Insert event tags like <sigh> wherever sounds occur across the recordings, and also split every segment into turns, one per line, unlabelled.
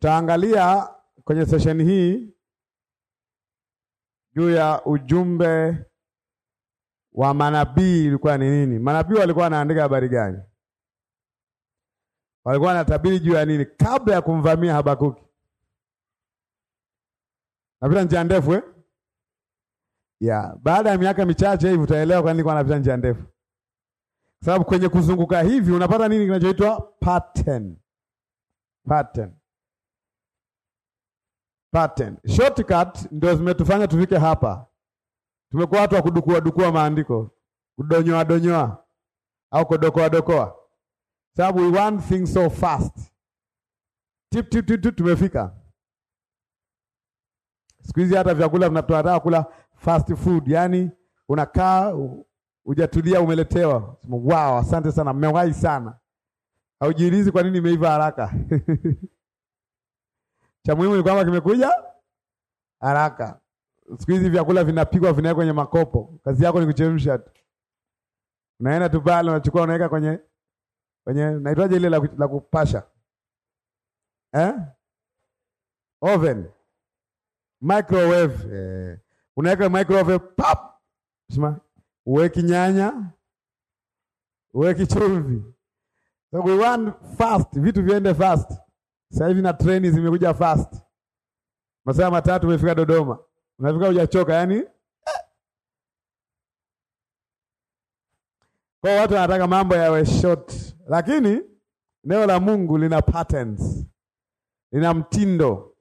Tutaangalia kwenye session hii juu ya ujumbe wa manabii ilikuwa ni nini? Manabii walikuwa wanaandika habari gani? Walikuwa wanatabiri juu ya nini kabla ya kumvamia Habakuki? Napita njia ndefu eh? Yeah. Baada ya miaka michache hivi utaelewa kwa nini kwa napita njia ndefu, kwa sababu kwenye kuzunguka hivi unapata nini kinachoitwa pattern. Pattern pattern. Shortcut ndio zimetufanya tufike hapa. Tumekuwa watu wa kudukua dukua maandiko, kudonyoa donyoa au kudokoa dokoa, sababu we want things so fast. Tip tip tip, tip tumefika. Siku hizi hata vyakula tunataka kula fast food, yani unakaa hujatulia, umeletewa. Wow, asante sana, mmewahi sana. Haujiulizi kwa nini imeiva haraka <laughs> Cha muhimu ni kwamba kimekuja haraka. Siku hizi vyakula vinapikwa vinaweka kwenye makopo, kazi yako ni kuchemsha tu. Unaenda tu pale unachukua unaweka kwenye kwenye naitwaje ile la, la kupasha eh? Oven, microwave eh. Unaweka microwave pap, sema uweki nyanya, uweki chumvi, so we want fast, vitu viende fast. Sasa hivi na treni zimekuja fast, masaa matatu umefika Dodoma, unafika hujachoka yani eh. Kwa watu wanataka mambo yawe short, lakini neno la Mungu lina patterns, lina mtindo,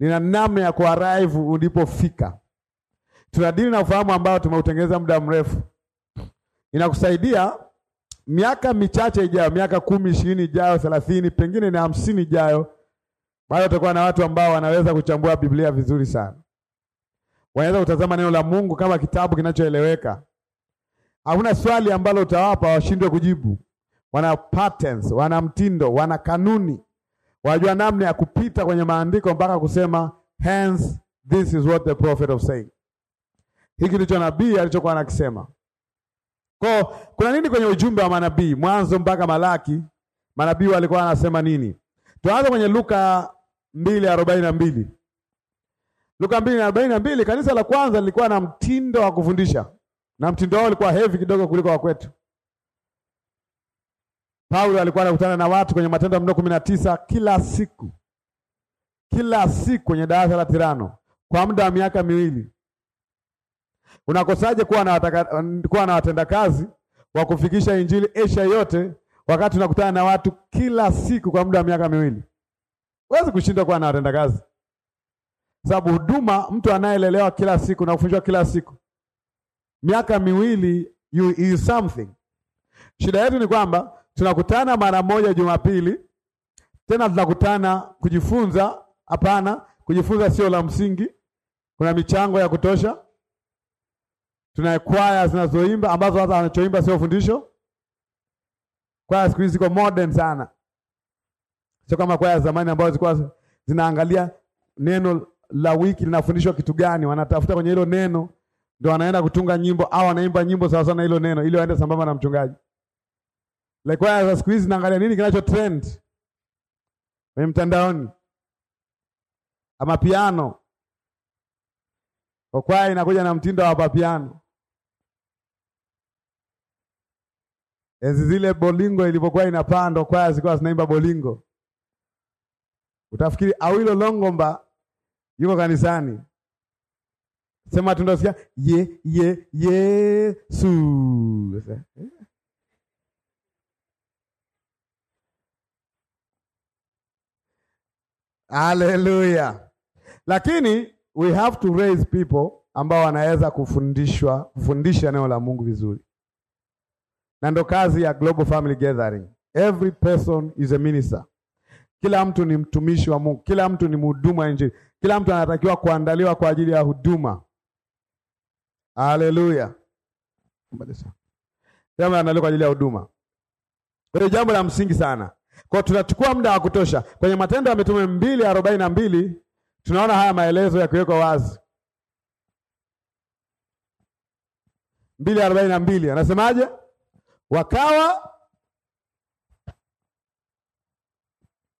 lina namna ya kuarrive ulipofika. Tunadili na ufahamu ambao tumeutengeneza muda mrefu, inakusaidia miaka michache ijayo, miaka kumi, ishirini ijayo, thelathini, pengine na hamsini ijayo, bado utakuwa na watu ambao wanaweza kuchambua Biblia vizuri sana. Wanaweza kutazama neno la Mungu kama kitabu kinachoeleweka. Hakuna swali ambalo utawapa washindwe kujibu. Wana patterns, wana mtindo, wana kanuni, wajua namna ya kupita kwenye maandiko mpaka kusema hence this is what the prophet of saying, hiki ndicho nabii alichokuwa anakisema. Kwa kuna nini kwenye ujumbe wa manabii Mwanzo mpaka Malaki? Manabii walikuwa wanasema nini? Tuanze kwenye Luka 2:42. Luka 2:42, kanisa la kwanza lilikuwa na mtindo wa kufundisha. Na mtindo wao ulikuwa heavy kidogo kuliko wa kwetu. Paulo alikuwa anakutana na watu kwenye Matendo ya Mitume 19 kila siku. Kila siku kwenye darasa la Tirano kwa muda wa miaka miwili. Unakosaje kuwa na wataka, kuwa na watendakazi wa kufikisha injili Asia yote wakati unakutana na watu kila siku kwa muda wa miaka miwili? Huwezi kushindwa kuwa na watendakazi. Sababu huduma mtu anayelelewa kila siku na kufunzwa kila siku miaka miwili you is something. Shida yetu ni kwamba tunakutana mara moja Jumapili, tena tunakutana kujifunza. Hapana, kujifunza sio la msingi. Kuna michango ya kutosha Tuna kwaya zinazoimba ambazo hata anachoimba sio fundisho. Kwaya siku hizi ziko modern sana, sio kama kwaya za zamani ambazo zilikuwa zinaangalia neno la wiki linafundishwa kitu gani, wanatafuta kwenye hilo neno ndio wanaenda kutunga nyimbo au wanaimba nyimbo sawa sawa na hilo neno ili waende sambamba na mchungaji. Like kwaya za siku hizi zinaangalia nini kinacho trend kwenye mtandaoni, ama piano kwa kwaya inakuja na mtindo wa piano Enzi zile bolingo ilipokuwa inapandwa, kwaya zilikuwa zinaimba bolingo. Utafikiri Awilo Longomba yuko kanisani, sema tunasikia ye ye Yesu. Eh? Haleluya! Lakini we have to raise people ambao wanaweza kufundishwa kufundisha neno la Mungu vizuri na ndo kazi ya Global Family Gathering. Every person is a minister. Kila mtu ni mtumishi wa Mungu, kila mtu ni mhudumu wa Injili, kila mtu anatakiwa kuandaliwa kwa ajili ya huduma. Haleluya, andaliwa kwa ajili ya huduma. Kwa hiyo jambo la msingi sana kwa tunachukua muda wa kutosha kwenye Matendo ya Mitume mbili arobaini na mbili tunaona haya maelezo ya kuwekwa wazi. mbili arobaini na mbili anasemaje? wakawa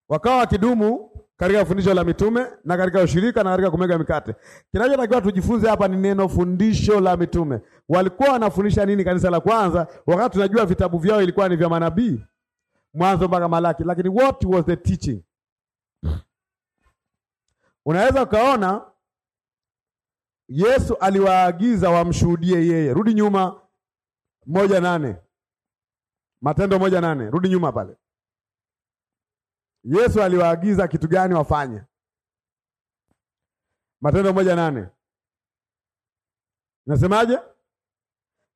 wakawa wakidumu katika fundisho la mitume na katika ushirika na katika kumega mikate. Kinachotakiwa tujifunze hapa ni neno fundisho la mitume. Walikuwa wanafundisha nini kanisa la kwanza, wakati tunajua vitabu vyao ilikuwa ni vya manabii Mwanzo mpaka Malaki, lakini what was the teaching? Unaweza ukaona Yesu aliwaagiza wamshuhudie yeye. Rudi nyuma moja nane Matendo moja nane, rudi nyuma pale. Yesu aliwaagiza kitu gani wafanye? Matendo moja nane nasemaje?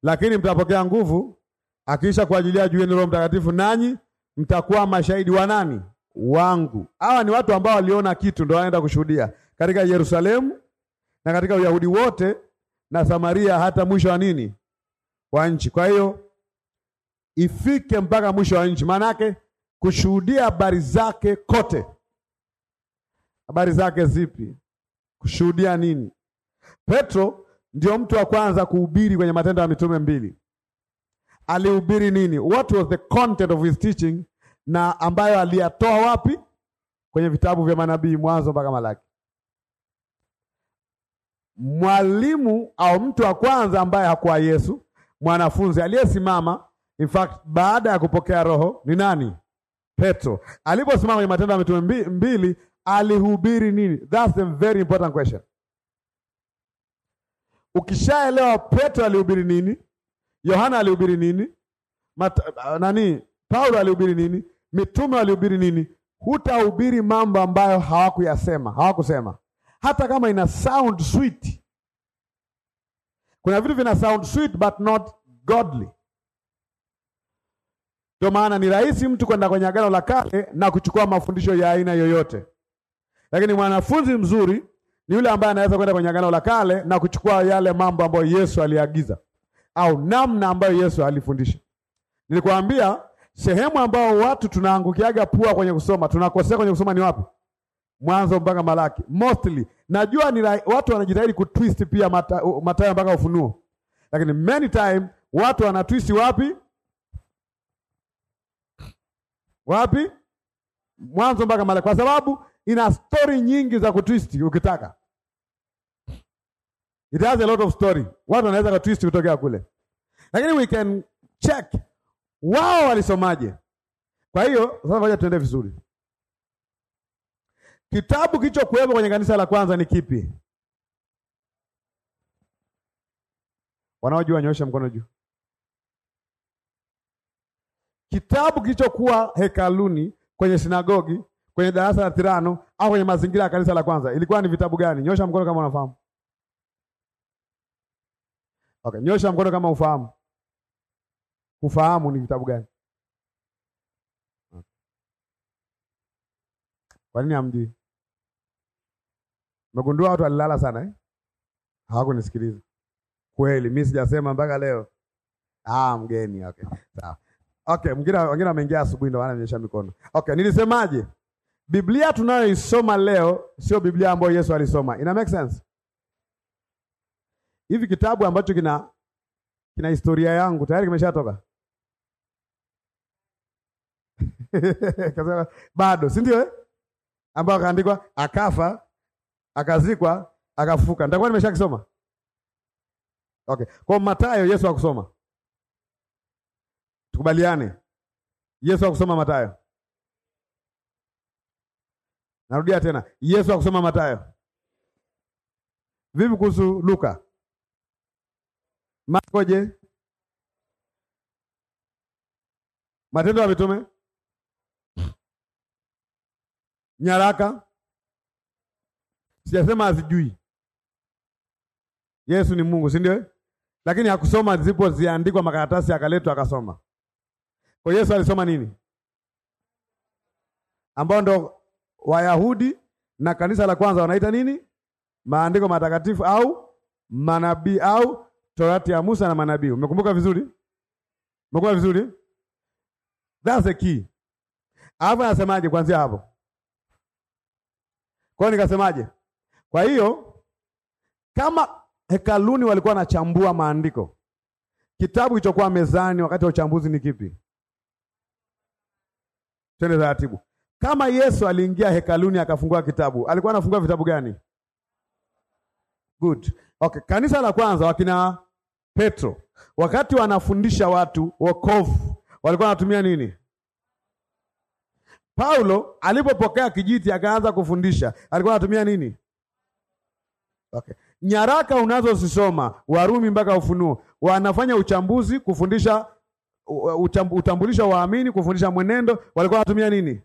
Lakini mtapokea nguvu akiisha kuajilia juu yenu Roho Mtakatifu, nanyi mtakuwa mashahidi wa nani? Wangu. Hawa ni watu ambao waliona kitu, ndio wanaenda kushuhudia katika Yerusalemu na katika Uyahudi wote na Samaria, hata mwisho wa nini wa nchi. Kwa hiyo ifike mpaka mwisho wa nchi. Maana yake kushuhudia habari zake kote. Habari zake zipi? Kushuhudia nini? Petro ndio mtu wa kwanza kuhubiri kwenye Matendo ya Mitume mbili. Alihubiri nini? What was the content of his teaching? Na ambayo aliyatoa wapi? Kwenye vitabu vya manabii, Mwanzo mpaka Malaki. Mwalimu au mtu wa kwanza ambaye hakuwa Yesu, mwanafunzi aliyesimama In fact, baada ya kupokea roho ni nani? Petro aliposimama kwenye Matendo ya Mitume mbili alihubiri nini? That's a very important question. Ukishaelewa Petro alihubiri nini, Yohana alihubiri nini, Mat uh, nani Paulo alihubiri nini, mitume walihubiri nini, hutahubiri mambo ambayo hawakuyasema, hawakusema, hata kama ina sound sweet. Kuna vitu vina sound sweet but not godly. Ndio maana ni rahisi mtu kwenda kwenye Agano la Kale na kuchukua mafundisho ya aina yoyote, lakini mwanafunzi mzuri ni yule ambaye anaweza kwenda kwenye Agano la Kale na kuchukua yale mambo ambayo Yesu aliagiza au namna ambayo Yesu alifundisha. Nilikwambia sehemu ambayo watu tunaangukiaga pua kwenye kusoma, tunakosea kwenye kusoma ni wapi? Mwanzo mpaka Malaki mostly. Najua ni watu wanajitahidi kutwist pia Mathayo mpaka Ufunuo, lakini many time watu wanatwist wapi? wapi? Mwanzo mpaka Malaki, kwa sababu ina stori nyingi za kutwisti. Ukitaka it has a lot of story, watu wanaweza katwisti kutokea kule, lakini we can check wao walisomaje. Kwa hiyo sasa, ngoja tuende vizuri. Kitabu kilichokuwepo kwenye kanisa la kwanza ni kipi? Wanaojua nyosha mkono juu kitabu kilichokuwa hekaluni, kwenye sinagogi, kwenye darasa la Tirano au kwenye mazingira ya kanisa la kwanza, ilikuwa ni vitabu gani? Nyosha mkono kama unafahamu. Okay, nyosha mkono kama ufahamu. Ufahamu ni vitabu gani? Kwa nini hamjui? Megundua watu walilala sana eh? Hawakunisikiliza kweli. mi sijasema mpaka leo. Ah, mgeni. Okay, sawa. Okay, mwingine wengine wameingia asubuhi ndio wanaonyesha mikono. Okay, nilisemaje? Biblia tunayoisoma leo sio Biblia ambayo Yesu alisoma. Ina make sense? Hivi kitabu ambacho kina kina historia yangu tayari kimeshatoka. <laughs> Bado, si ndio eh? Ambao kaandikwa akafa, akazikwa, akafuka. Nitakuwa nimeshakisoma. Okay. Kwa Mathayo Yesu akusoma. Tukubaliane. Yesu akusoma Mathayo. Narudia tena. Yesu akusoma Mathayo. Vipi kuhusu Luka? Marko je? Matendo ya Mitume? Nyaraka? Sijasema azijui. Yesu ni Mungu, si ndio? Lakini hakusoma zipo ziandikwa makaratasi akaletwa akasoma. Kwa Yesu alisoma nini? Ambao ndo Wayahudi na kanisa la kwanza wanaita nini? Maandiko matakatifu au manabii au Torati ya Musa na manabii. Umekumbuka vizuri? Umekumbuka vizuri? That's the key. Hapo anasemaje kuanzia hapo? Kwa hiyo nikasemaje? Kwa hiyo kama hekaluni walikuwa wanachambua maandiko, kitabu kilichokuwa mezani wakati wa uchambuzi ni kipi? Twende taratibu. Kama Yesu aliingia hekaluni akafungua kitabu, alikuwa anafungua vitabu gani? Good. Okay, kanisa la kwanza wakina Petro wakati wanafundisha watu wokovu walikuwa wanatumia nini? Paulo alipopokea kijiti akaanza kufundisha alikuwa anatumia nini? Okay. Nyaraka unazozisoma Warumi mpaka Ufunuo wanafanya uchambuzi kufundisha utambulisho wa waamini, kufundisha mwenendo, walikuwa wanatumia nini?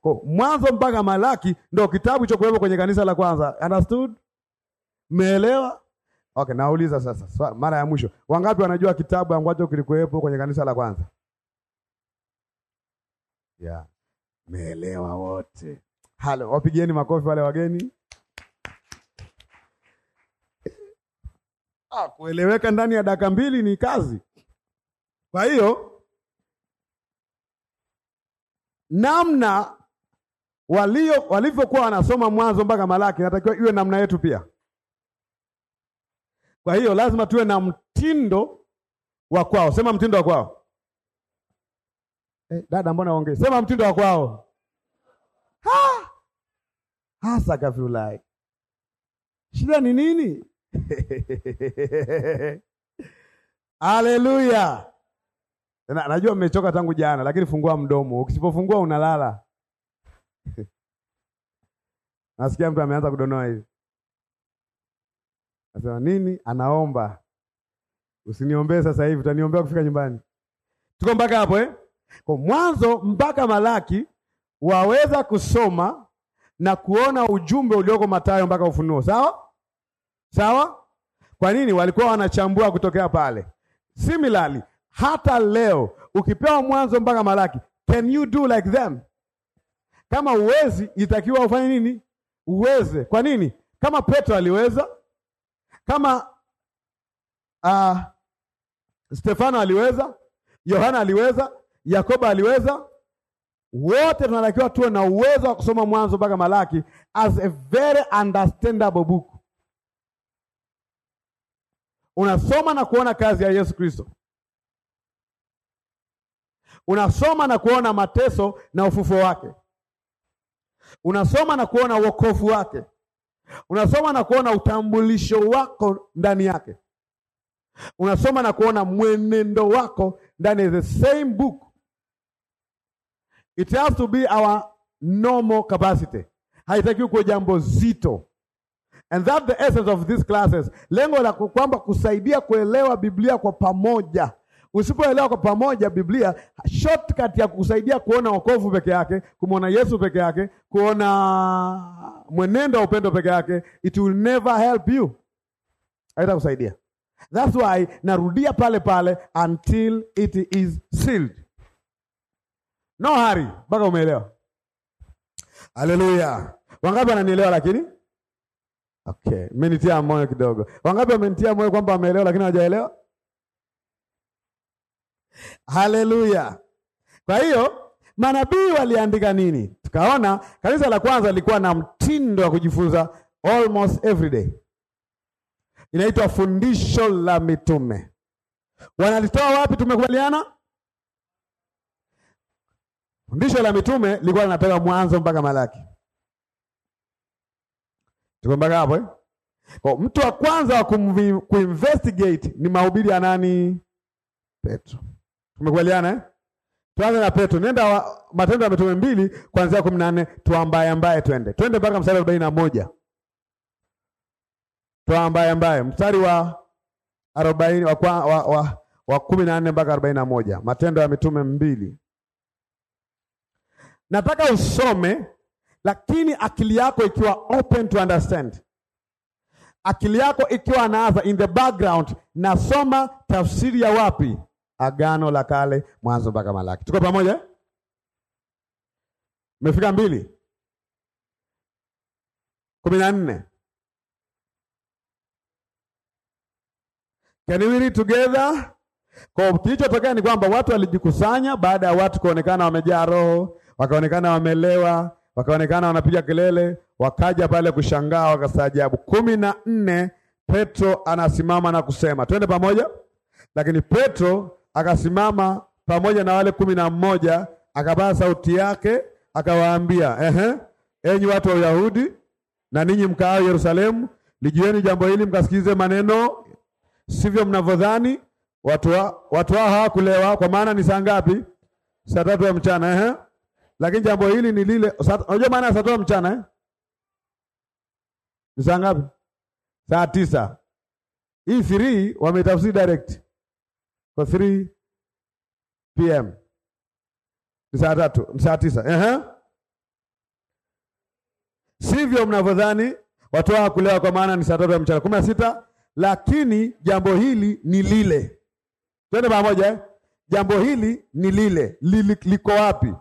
Kwa Mwanzo mpaka Malaki ndio kitabu cha kuwepo kwenye kanisa la kwanza. Understood? Meelewa? Okay, nauliza sasa. so, mara ya mwisho. Wangapi wanajua kitabu ambacho kilikuwepo kwenye kanisa la kwanza? Yeah. Meelewa wote. Halo, wapigieni makofi wale wageni. Ah, kueleweka ndani ya dakika mbili ni kazi. Kwa hiyo namna walio walivyokuwa wanasoma Mwanzo mpaka Malaki natakiwa iwe namna yetu pia. Kwa hiyo lazima tuwe na mtindo wa kwao. Sema mtindo wa kwao. Eh, dada mbona ongee? Sema mtindo wa kwao. Ha! Hasa kafulai. Shida ni nini? <laughs> Hallelujah. Na, najua mmechoka tangu jana, lakini fungua mdomo. Ukisipofungua unalala. <laughs> Nasikia mtu ameanza kudonoa hivi. nasema nini? Anaomba. Usiniombee sasa hivi, utaniombea kufika nyumbani. Tuko mpaka hapo eh? Kwa mwanzo mpaka Malaki waweza kusoma na kuona ujumbe ulioko Mathayo mpaka Ufunuo, sawa? Sawa? Kwa nini walikuwa wanachambua kutokea pale? Similarly, hata leo ukipewa Mwanzo mpaka Malaki, can you do like them? Kama uwezi, itakiwa ufanye nini? Uweze. Kwa nini? Kama Petro aliweza, kama uh, Stefano aliweza, Yohana aliweza, Yakoba aliweza, wote tunatakiwa tuwe na uwezo wa kusoma Mwanzo mpaka Malaki as a very understandable book. Unasoma na kuona kazi ya Yesu Kristo. Unasoma na kuona mateso na ufufuo wake, unasoma na kuona wokovu wake, unasoma na kuona utambulisho wako ndani yake, unasoma na kuona mwenendo wako ndani ya the same book. It has to be our normal capacity, haitakiwi kuwa jambo zito. And that the essence of these classes, lengo la kwamba kusaidia kuelewa Biblia kwa pamoja Usipoelewa kwa pamoja Biblia, shortcut ya kukusaidia kuona wokovu peke yake, kumwona Yesu peke yake, kuona mwenendo wa upendo peke yake, it will never help you, haitakusaidia. That's why narudia pale pale until it is sealed. No hurry, mpaka umeelewa. Haleluya! Wangapi wananielewa lakini Okay, mmenitia moyo kidogo. Wangapi wamenitia moyo kwamba wameelewa lakini hawajaelewa? Haleluya! Kwa hiyo manabii waliandika nini? Tukaona kanisa la kwanza lilikuwa na mtindo wa kujifunza almost every day, inaitwa fundisho la mitume. Wanalitoa wapi? Tumekubaliana fundisho la mitume lilikuwa linapewa Mwanzo mpaka Malaki. Tuko mpaka hapo eh? Kwa mtu wa kwanza wa kuinvestigate ni mahubiri ya nani? Petro. Tumekubaliana eh? Tuanze na Petro. Nenda wa, Matendo ya Mitume mbili kuanzia 14 tuambaye ambaye twende. Twende mpaka mstari wa 41. Tuambaye ambaye mstari wa 40 wa wa, wa, wa, wa kumi na nne mpaka arobaini na moja. Matendo ya Mitume mbili. Nataka usome lakini akili yako ikiwa open to understand. Akili yako ikiwa anaanza in the background nasoma tafsiri ya wapi? Agano la Kale, Mwanzo mpaka Malaki. Tuko pamoja? Mefika mbili kumi na nne. Can we read together? Kwa kilichotokea ni kwamba watu walijikusanya baada ya watu kuonekana wamejaa roho, wakaonekana wamelewa, wakaonekana wanapiga kelele, wakaja pale kushangaa, wakasajabu. kumi na nne Petro anasimama na kusema twende pamoja, lakini Petro akasimama pamoja na wale kumi na mmoja akapaa sauti yake akawaambia, ehe, enyi watu wa Uyahudi na ninyi mkaao Yerusalemu, lijueni jambo hili mkasikize maneno, sivyo mnavyodhani watu wa, watu hao hawakulewa, kwa maana ni saa ngapi? Saa tatu ya mchana ehe. Lakini jambo hili ni lile, unajua maana ya saa tatu ya mchana eh? Ni saa ngapi? Saa tisa. Hii 3 wametafsiri direct for 3 pm ni saa tatu, ni saa tisa. Sivyo mnavyodhani watu hawa kulewa, kwa maana ni saa tatu ya mchana. kumi na sita. Lakini jambo hili ni lile, twende pamoja eh? Jambo hili ni lile lili, liko wapi?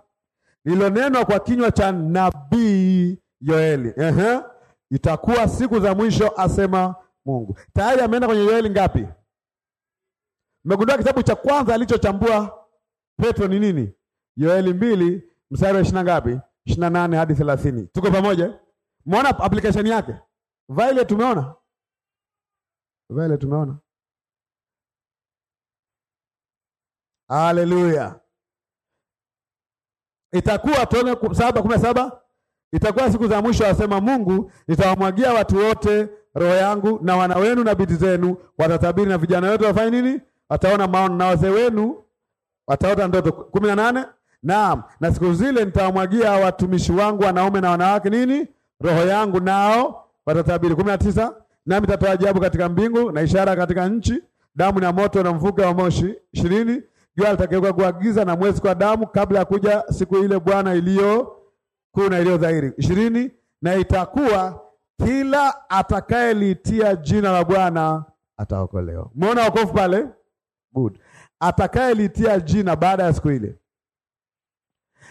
Lilonenwa kwa kinywa cha nabii Yoeli. Itakuwa siku za mwisho, asema Mungu. Tayari ameenda kwenye Yoeli ngapi? Mmegundua kitabu cha kwanza alichochambua Petro ni nini? Yoeli mbili mstari wa ishirini na ngapi? ishirini na nane hadi thelathini. Tuko pamoja? Muona application yake vile tumeona vile tumeona. Haleluya! Itakuwa tuone saba kumi na saba itakuwa siku za mwisho, asema Mungu, nitawamwagia watu wote roho yangu, na wana wenu na binti zenu watatabiri, na vijana wote wafanye nini? wataona maono na wazee wenu wataota ndoto. kumi na nane. Naam, na siku zile nitawamwagia watumishi wangu wanaume na wanawake nini, roho yangu, nao watatabiri. kumi na tisa. Nami nitatoa ajabu katika mbingu na ishara katika nchi, damu na moto na mvuke wa moshi. ishirini. Jua litageuka kuwa giza na mwezi kwa damu, kabla ya kuja siku ile Bwana iliyo kuu na iliyo dhahiri. ishirini. Na itakuwa kila atakayeliitia jina la Bwana ataokolewa. Umeona wokovu pale? Good. Atakayelitia jina baada ya siku ile.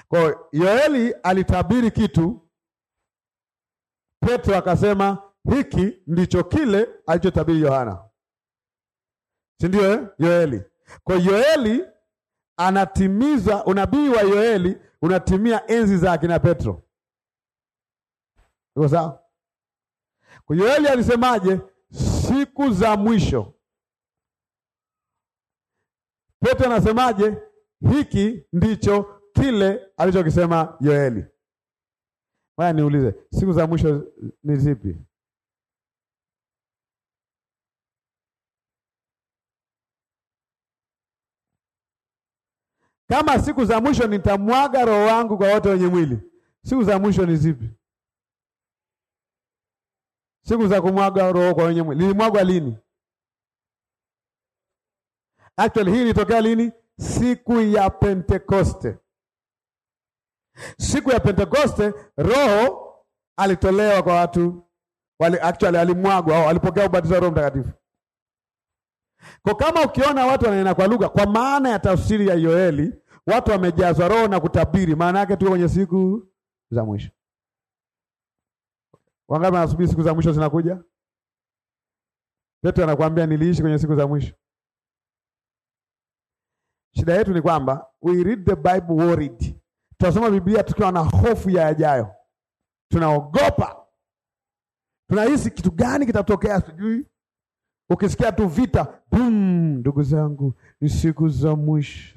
Kwa Yoeli alitabiri kitu, Petro akasema hiki ndicho kile alichotabiri Yohana, si ndio eh? Yoeli. Kwa Yoeli anatimiza unabii wa Yoeli unatimia enzi za akina Petro. Iko sawa? Kwa Yoeli alisemaje? Siku za mwisho Petro anasemaje? Hiki ndicho kile alichokisema Yoeli. aya niulize, siku za mwisho ni zipi? Kama siku za mwisho nitamwaga roho wangu kwa wote wenye mwili, siku za mwisho ni zipi? Siku za kumwaga roho kwa wenye mwili, lilimwagwa lini? Actually hii ilitokea lini? Siku ya Pentekoste. Siku ya Pentekoste Roho alitolewa kwa watu wali, actually alimwagwa au alipokea ubatizo wa Roho Mtakatifu. Kwa kama ukiona watu wanaenda kwa lugha, kwa maana ya tafsiri ya Yoeli, watu wamejazwa roho na kutabiri, maana yake tuko kwenye siku za mwisho. Wangapi wanasubiri siku za mwisho zinakuja? Petro anakuambia niliishi kwenye siku za mwisho. Shida yetu ni kwamba we read the Bible worried. Tunasoma Biblia tukiwa na hofu ya yajayo, tunaogopa, tunahisi kitu gani kitatokea, sijui. Ukisikia tu vita, boom, ndugu zangu, ni siku za mwisho.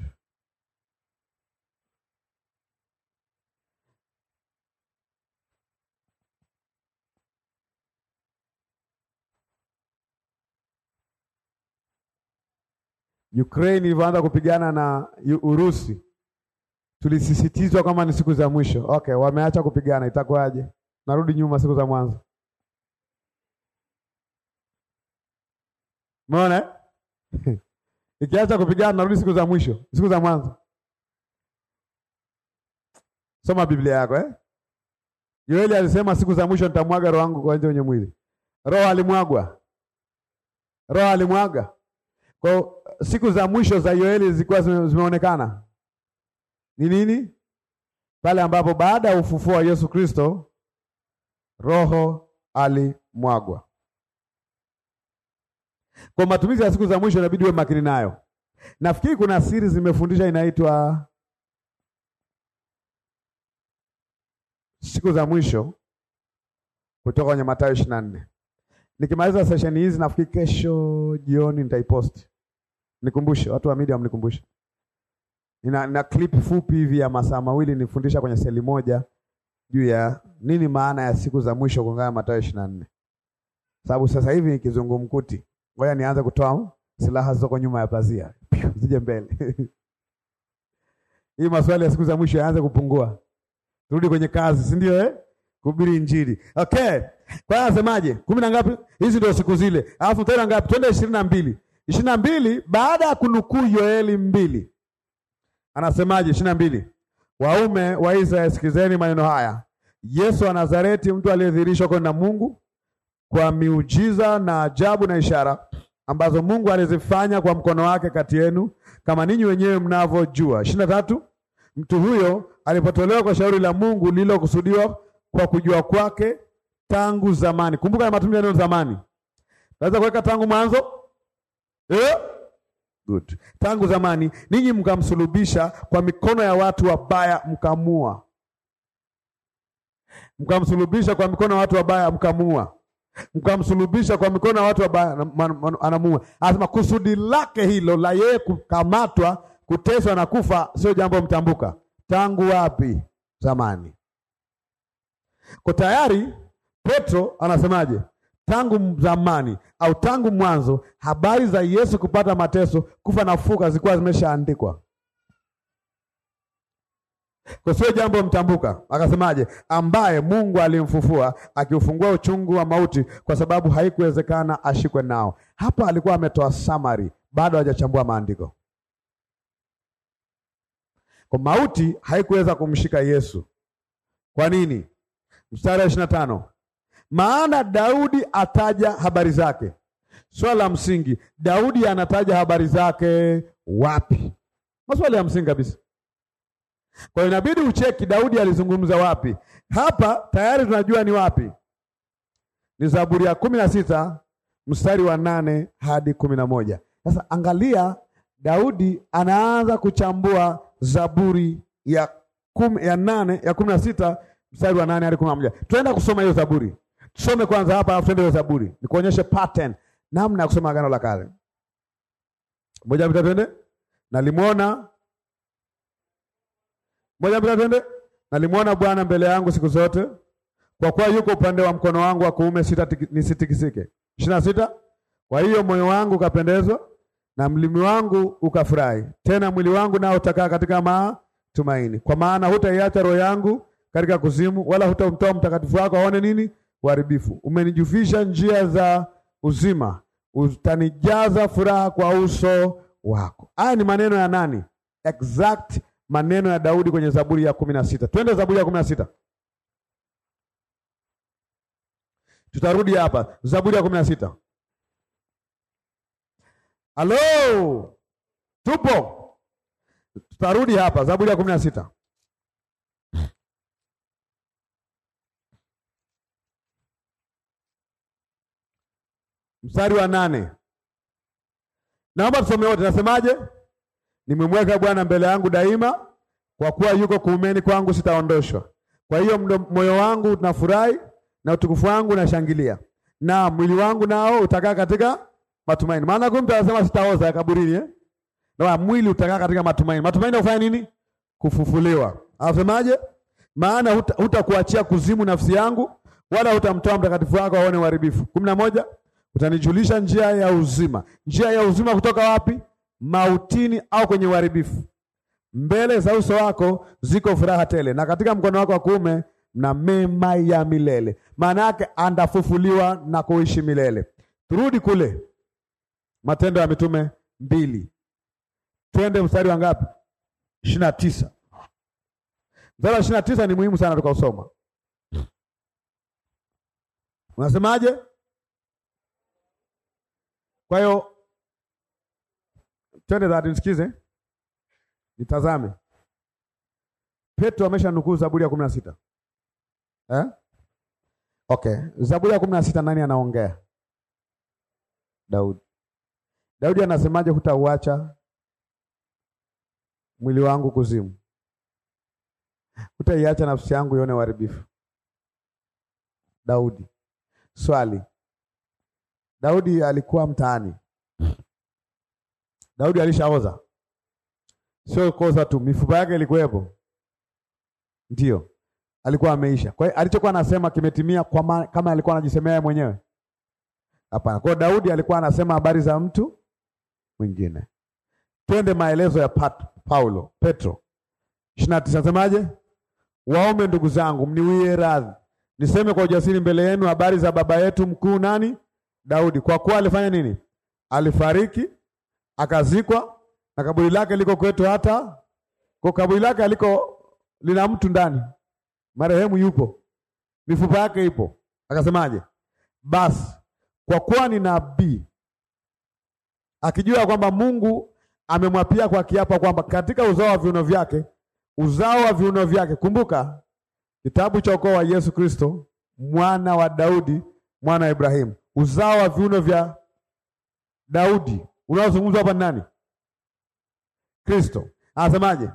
Ukraine ilivyoanza kupigana na Urusi, tulisisitizwa kama ni siku za mwisho. Okay, wameacha kupigana, itakuwaje? Narudi nyuma, siku za mwanzo. Umeona? <laughs> Ikiacha kupigana, narudi siku za mwisho, siku za mwanzo. Soma Biblia yako eh? Yoeli alisema siku za mwisho nitamwaga roho wangu kwa nje kwenye mwili. Roho alimwagwa. Roho alimwaga. Kwa siku za mwisho za Yoeli zilikuwa zimeonekana ni nini? Pale ambapo baada ya ufufuo wa Yesu Kristo roho alimwagwa. Kwa matumizi ya siku za mwisho inabidi uwe makini nayo. Nafikiri kuna siri zimefundisha inaitwa siku za mwisho kutoka kwenye Mathayo 24. Nikimaliza sesheni hizi nafikiri kesho jioni nitaiposti. Nikumbushe, watu wa media mnikumbushe. Nina nina clip fupi hivi ya masaa mawili nifundisha kwenye seli moja juu ya nini maana ya siku za mwisho kulingana na Mathayo 24. Sababu sasa hivi ni kizungumkuti. Ngoja nianze kutoa silaha zoko nyuma ya pazia. Zije mbele. <laughs> Hii maswali ya siku za mwisho yaanze kupungua. Turudi kwenye kazi, si ndio eh? Kuhubiri Injili. Okay. Kwa hiyo anasemaje? Kumi na ngapi? Hizi ndio siku zile. Alafu tena ngapi? Twende 22 ishirini na mbili baada ya kunukuu Yoeli mbili anasemaje? ishirini na mbili waume wa Israeli, sikizeni maneno haya. Yesu wa Nazareti, mtu aliyedhihirishwa kwenu na Mungu kwa miujiza na ajabu na ishara ambazo Mungu alizifanya kwa mkono wake kati yenu, kama ninyi wenyewe mnavyojua. ishirini na tatu mtu huyo alipotolewa kwa shauri la Mungu lililokusudiwa kwa kujua kwake tangu zamani. Kumbuka matumizi ya neno zamani, naweza kuweka tangu mwanzo eh? Good. Tangu zamani ninyi mkamsulubisha kwa mikono ya watu wabaya mkamua, mkamsulubisha kwa mikono ya watu wabaya mkamua, mkamsulubisha kwa mikono ya watu wabaya anamua. Anasema kusudi lake hilo la yeye kukamatwa, kuteswa na kufa sio jambo mtambuka. Tangu wapi? Zamani. Kwa tayari Petro anasemaje? Tangu zamani au tangu mwanzo, habari za Yesu kupata mateso, kufa na kufuka zilikuwa zimeshaandikwa. Kwa sio jambo mtambuka. Akasemaje? Ambaye Mungu alimfufua akiufungua uchungu wa mauti, kwa sababu haikuwezekana ashikwe nao. Hapa alikuwa ametoa summary, bado hajachambua maandiko. Kwa mauti haikuweza kumshika Yesu. Kwa nini? Mstari wa ishirini na tano maana Daudi ataja habari zake. Swala la msingi, Daudi anataja habari zake wapi? Maswali ya msingi kabisa. Kwa hiyo inabidi ucheki Daudi alizungumza wapi. Hapa tayari tunajua ni wapi. Ni Zaburi ya kumi na sita mstari wa nane hadi kumi na moja. Sasa angalia Daudi anaanza kuchambua Zaburi ya kum, ya nane ya kumi na sita mstari wa nane hadi kumi na moja. Tuenda kusoma hiyo Zaburi. Tusome kwanza hapa afu tuende Zaburi. Nikuonyeshe pattern namna ya kusoma agano la kale. Moja mbili twende. Nalimwona. Moja mbili twende. Nalimwona Bwana mbele yangu siku zote. Kwa kuwa yuko upande wa mkono wangu wa kuume sita nisitikisike. 26. Kwa hiyo moyo wangu ukapendezwa na mlimi wangu ukafurahi, tena mwili wangu nao utakaa katika tumaini. kwa maana hutaiacha roho yangu katika kuzimu, wala hutamtoa mtakatifu wako aone nini uharibifu. Umenijuvisha njia za uzima, utanijaza furaha kwa uso wako. Haya ni maneno ya nani? Exact maneno ya Daudi kwenye Zaburi ya kumi na sita. Twende Zaburi ya kumi na sita, tutarudi hapa. Zaburi ya kumi na sita. Halo, tupo, tutarudi hapa Zaburi ya kumi na sita. mstari wa nane. Naomba tusome wote. Nasemaje? Nimemweka Bwana mbele yangu daima, kwa kuwa yuko kuumeni kwangu, sitaondoshwa. Kwa hiyo moyo wangu unafurahi na utukufu wangu unashangilia, na mwili wangu nao utakaa katika matumaini. Maana huyu mtu anasema sitaoza ya kaburini, eh? Na mwili utakaa katika matumaini. Matumaini hufanya nini? Kufufuliwa. Anasemaje? Maana hutakuachia kuzimu nafsi yangu, wala hutamtoa mtakatifu wako aone uharibifu. kumi na moja utanijulisha njia ya uzima. Njia ya uzima kutoka wapi? Mautini au kwenye uharibifu. Mbele za uso wako ziko furaha tele, na katika mkono wako wa kuume mna mema ya milele. Maana yake andafufuliwa na kuishi milele. Turudi kule Matendo ya Mitume mbili, twende mstari wa ngapi? ishirini na tisa. Mstari wa ishirini na tisa ni muhimu sana, tukausoma. Unasemaje? Kwa hiyo twende dhati, nisikize, nitazame. Petro amesha nukuu Zaburi ya kumi na sita eh? Okay, Zaburi ya kumi na sita nani anaongea? Daudi. Daudi anasemaje? Hutauacha mwili wangu kuzimu, hutaiacha nafsi yangu ione uharibifu. Daudi. Swali, Daudi alikuwa mtaani. Daudi alishaoza, sio koza tu, mifupa yake ilikuwepo, ndio alikuwa ameisha. Kwa hiyo alichokuwa anasema kimetimia, kwa ma, kama alikuwa anajisemea mwenyewe? Hapana. Kwa Daudi alikuwa anasema habari za mtu mwingine. Twende maelezo ya Pat, Paulo Petro 29 nasemaje? Waombe ndugu zangu, mniwie radhi niseme kwa ujasiri mbele yenu habari za baba yetu mkuu nani Daudi, kwa kuwa alifanya nini? Alifariki, akazikwa, na kaburi lake liko kwetu hata kwa kaburi lake aliko lina mtu ndani, marehemu yupo, mifupa yake ipo. Akasemaje? Basi kwa kuwa ni nabii, akijua kwamba Mungu amemwapia kwa kiapo kwamba katika uzao wa viuno vyake, uzao wa viuno vyake. Kumbuka kitabu cha ukoo wa Yesu Kristo, mwana wa Daudi, mwana wa Ibrahimu uzao wa viuno vya Daudi unaozungumzwa hapa nani? Kristo. Anasemaje?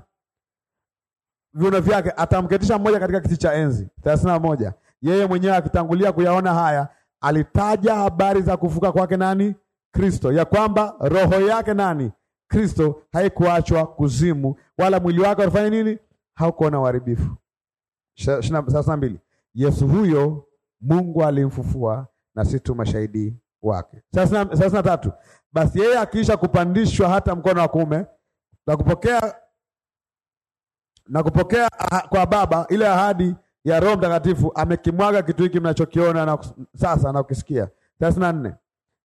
viuno vyake atamketisha mmoja katika kiti cha enzi. thelathini na moja. Yeye mwenyewe akitangulia kuyaona haya, alitaja habari za kufuka kwake nani? Kristo, ya kwamba roho yake nani? Kristo haikuachwa kuzimu, wala mwili wake alifanya nini? Haukuona uharibifu. thelathini na mbili. Yesu huyo Mungu alimfufua na sisi tu mashahidi wake. Thelathini na tatu. Basi yeye akiisha kupandishwa hata mkono wa kuume na kupokea na kupokea ah, kwa Baba ile ahadi ya Roho Mtakatifu, amekimwaga kitu hiki mnachokiona na sasa na kukisikia. thelathini na nne.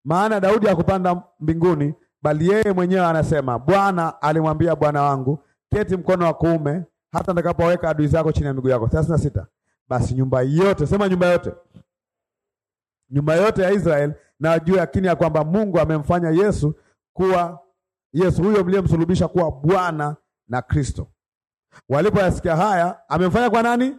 Maana Daudi hakupanda mbinguni, bali yeye mwenyewe anasema, Bwana alimwambia Bwana wangu, keti mkono wa kuume hata nitakapoweka adui zako chini ya miguu yako. thelathini na sita. Basi nyumba yote, sema nyumba yote nyumba yote ya Israeli na wajue yakini ya kwamba Mungu amemfanya Yesu kuwa Yesu huyo mliyemsulubisha kuwa Bwana na Kristo. Walipoyasikia haya, amemfanya kwa nani?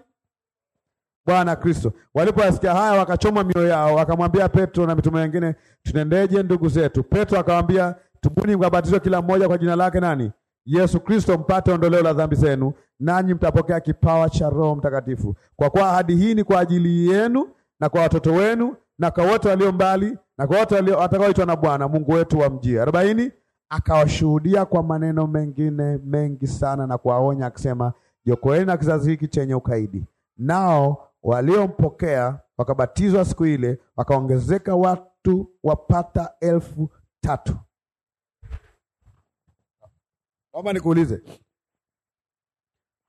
Bwana Kristo. Walipoyasikia haya, wakachoma mioyo yao, wakamwambia Petro na mitume wengine, tunendeje ndugu zetu? Petro akamwambia, tubuni mkabatizwe kila mmoja kwa jina lake nani? Yesu Kristo, mpate ondoleo la dhambi zenu, nanyi mtapokea kipawa cha Roho Mtakatifu, kwa kuwa ahadi hii ni kwa ajili yenu na kwa watoto wenu na kwa wote walio mbali na kwa wote watakaoitwa na Bwana Mungu wetu wa mjia. arobaini akawashuhudia kwa maneno mengine mengi sana na kuwaonya akisema, jokoeni na kizazi hiki chenye ukaidi. Nao waliompokea wakabatizwa siku ile, wakaongezeka watu wapata elfu tatu. Naomba nikuulize,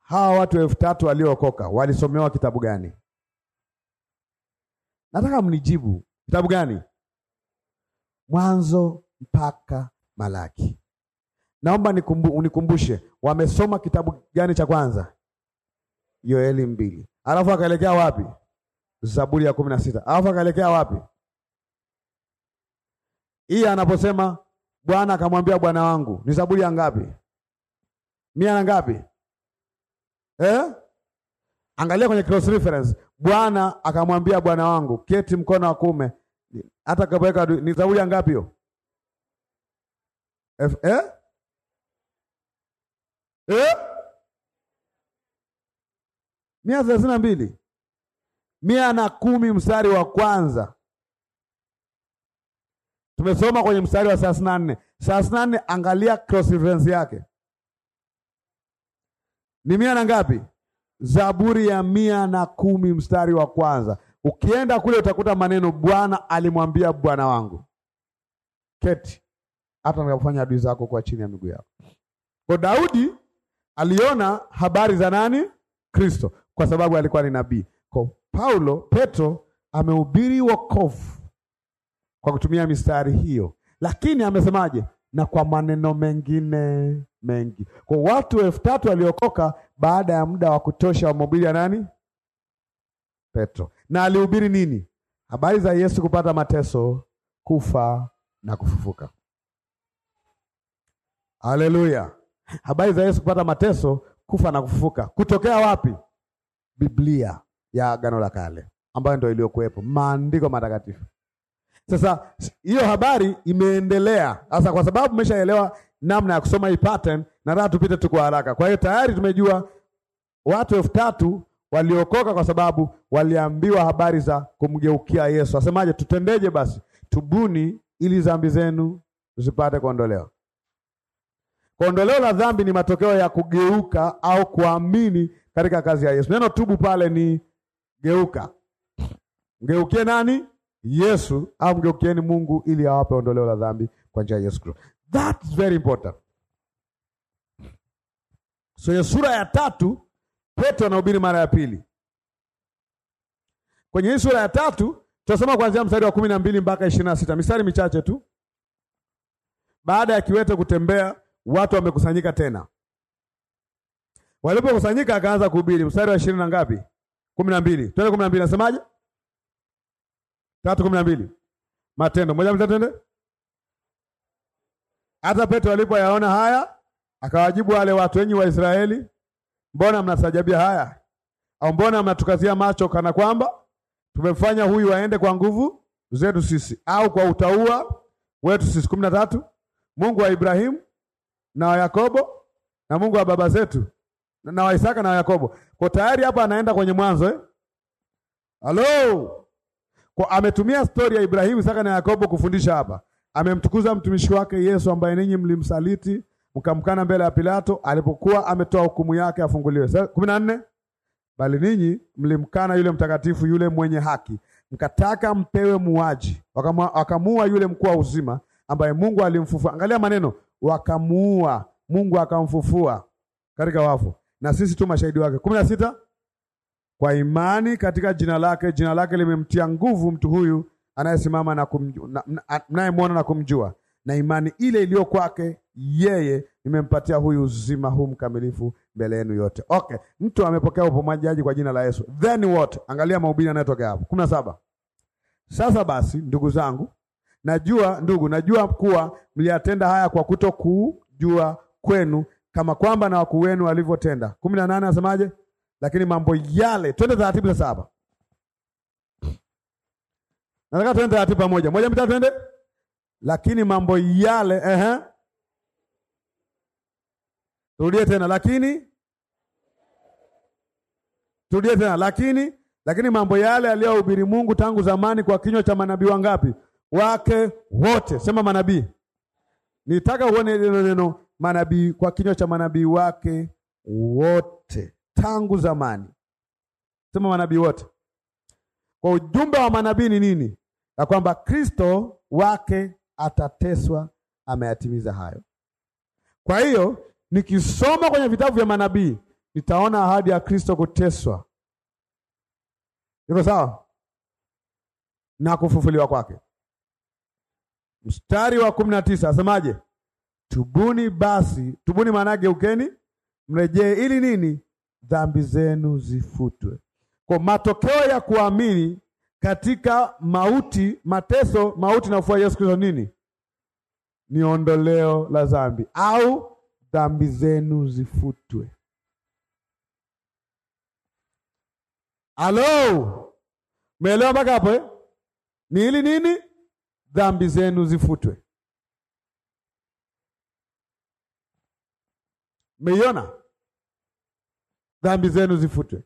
hawa watu elfu tatu waliookoka walisomewa kitabu gani? Nataka mnijibu kitabu gani? Mwanzo mpaka Malaki. Naomba nikumbu, unikumbushe wamesoma kitabu gani cha kwanza? Yoeli mbili, alafu akaelekea wapi? Zaburi ya kumi na sita, alafu akaelekea wapi? Hii anaposema Bwana akamwambia bwana wangu, ni Zaburi ya ngapi? mia na ngapi eh? Angalia kwenye cross reference. Bwana akamwambia bwana wangu, keti mkono wa kume. Hata kapoweka ni Zaburi ngapi hiyo? Eh? Eh? Mia thelathini na mbili mia na kumi mstari wa kwanza tumesoma kwenye mstari wa thelathini na nne thelathini na nne Angalia cross reference yake ni mia na ngapi? Zaburi ya mia na kumi mstari wa kwanza. Ukienda kule utakuta maneno Bwana alimwambia Bwana wangu keti hata nikafanya adui zako kwa chini ya miguu yako. Kwa Daudi aliona habari za nani? Kristo, kwa sababu alikuwa ni nabii. Kwa Paulo Petro amehubiri wokovu kwa kutumia mistari hiyo, lakini amesemaje? Na kwa maneno mengine mengi. Kwa watu elfu tatu waliokoka baada ya muda wa kutosha wa mhubiri nani? Petro. Na alihubiri nini? Habari za Yesu kupata mateso, kufa na kufufuka. Haleluya! Habari za Yesu kupata mateso, kufa na kufufuka kutokea wapi? Biblia ya Agano la Kale ambayo ndio iliyokuwepo, maandiko matakatifu. Sasa hiyo habari imeendelea sasa, kwa sababu umeshaelewa namna ya kusoma hii pattern, nataka tupite tu kwa haraka. Kwa hiyo tayari tumejua watu elfu tatu waliokoka kwa sababu waliambiwa habari za kumgeukia Yesu. Asemaje? Tutendeje basi? Tubuni ili dhambi zenu zipate kuondolewa. Kuondolewa la dhambi ni matokeo ya kugeuka au kuamini katika kazi ya Yesu. Neno tubu pale ni geuka. Mgeukie nani? Yesu au mgeukeni Mungu ili awape ondoleo la dhambi kwa njia ya Yesu Kristo. That's very important. So ya sura ya tatu Petro anahubiri mara ya pili. Kwenye hii sura ya tatu tutasoma kuanzia mstari wa kumi na mbili mpaka ishirini na sita mistari michache tu. Baada ya kiwete kutembea, watu wamekusanyika tena. Walipokusanyika akaanza kuhubiri, mstari wa ishirini na ngapi? kumi na mbili. Twende kumi na mbili, nasemaje? tatu kumi na mbili Matendo moja mtatende. Hata Petro alipoyaona haya akawajibu wale watu, enyi Waisraeli, mbona mnasajabia haya? Au mbona mnatukazia macho kana kwamba tumemfanya huyu aende kwa nguvu zetu sisi au kwa utaua wetu sisi? kumi na tatu Mungu wa Ibrahimu na wa Yakobo na Mungu wa baba zetu na wa Isaka na wa Yakobo. Kwa tayari hapa anaenda kwenye mwanzo eh? Halo kwa ametumia stori ya Ibrahimu, Isaka na Yakobo kufundisha hapa. Amemtukuza mtumishi wake Yesu ambaye ninyi mlimsaliti mkamkana mbele ya Pilato alipokuwa ametoa hukumu yake afunguliwe. Sasa 14 bali ninyi mlimkana yule mtakatifu, yule mwenye haki, mkataka mpewe muaji, wakamuua yule mkuu wa uzima ambaye Mungu alimfufua. Angalia maneno, wakamuua, Mungu akamfufua katika wafu, na sisi tu mashahidi wake. kumi na sita kwa imani katika jina lake. Jina lake limemtia nguvu mtu huyu anayesimama na mnayemwona na kumjua, na imani ile iliyo kwake yeye imempatia huyu uzima huu mkamilifu mbele yenu yote. Okay, mtu amepokea upomajaji kwa jina la Yesu, then what? Angalia mahubiri yanayotokea hapo kumi na saba. Sasa basi, ndugu zangu, najua ndugu, najua kuwa mliyatenda haya kwa kuto kujua kwenu, kama kwamba na wakuu wenu walivyotenda. kumi na nane, anasemaje? lakini mambo yale, twende taratibu sasa. Hapa nataka twende taratibu pamoja, moja mitatu, twende. Lakini mambo yale eh, turudie tena, lakini turudie tena, lakini lakini mambo yale aliyohubiri Mungu tangu zamani kwa kinywa cha manabii wangapi? Wake wote. Sema manabii. Nitaka uone neno neno manabii, kwa kinywa cha manabii wake wote tangu zamani. Sema manabii wote. Kwa ujumbe wa manabii ni nini? Ya kwamba Kristo wake atateswa, ameyatimiza hayo. Kwa hiyo nikisoma kwenye vitabu vya manabii nitaona ahadi ya Kristo kuteswa, iko sawa na kufufuliwa kwake. Mstari wa kumi na tisa asemaje? Tubuni basi, tubuni maana yake ukeni, mrejee ili nini? dhambi zenu zifutwe. Kwa matokeo ya kuamini katika mauti, mateso, mauti na ufua Yesu Kristo nini? Ni ondoleo la dhambi au dhambi zenu zifutwe. Halo, meelewa mpaka hapo eh? Ni ili nini? Dhambi zenu zifutwe. Meiona? dhambi zenu zifutwe.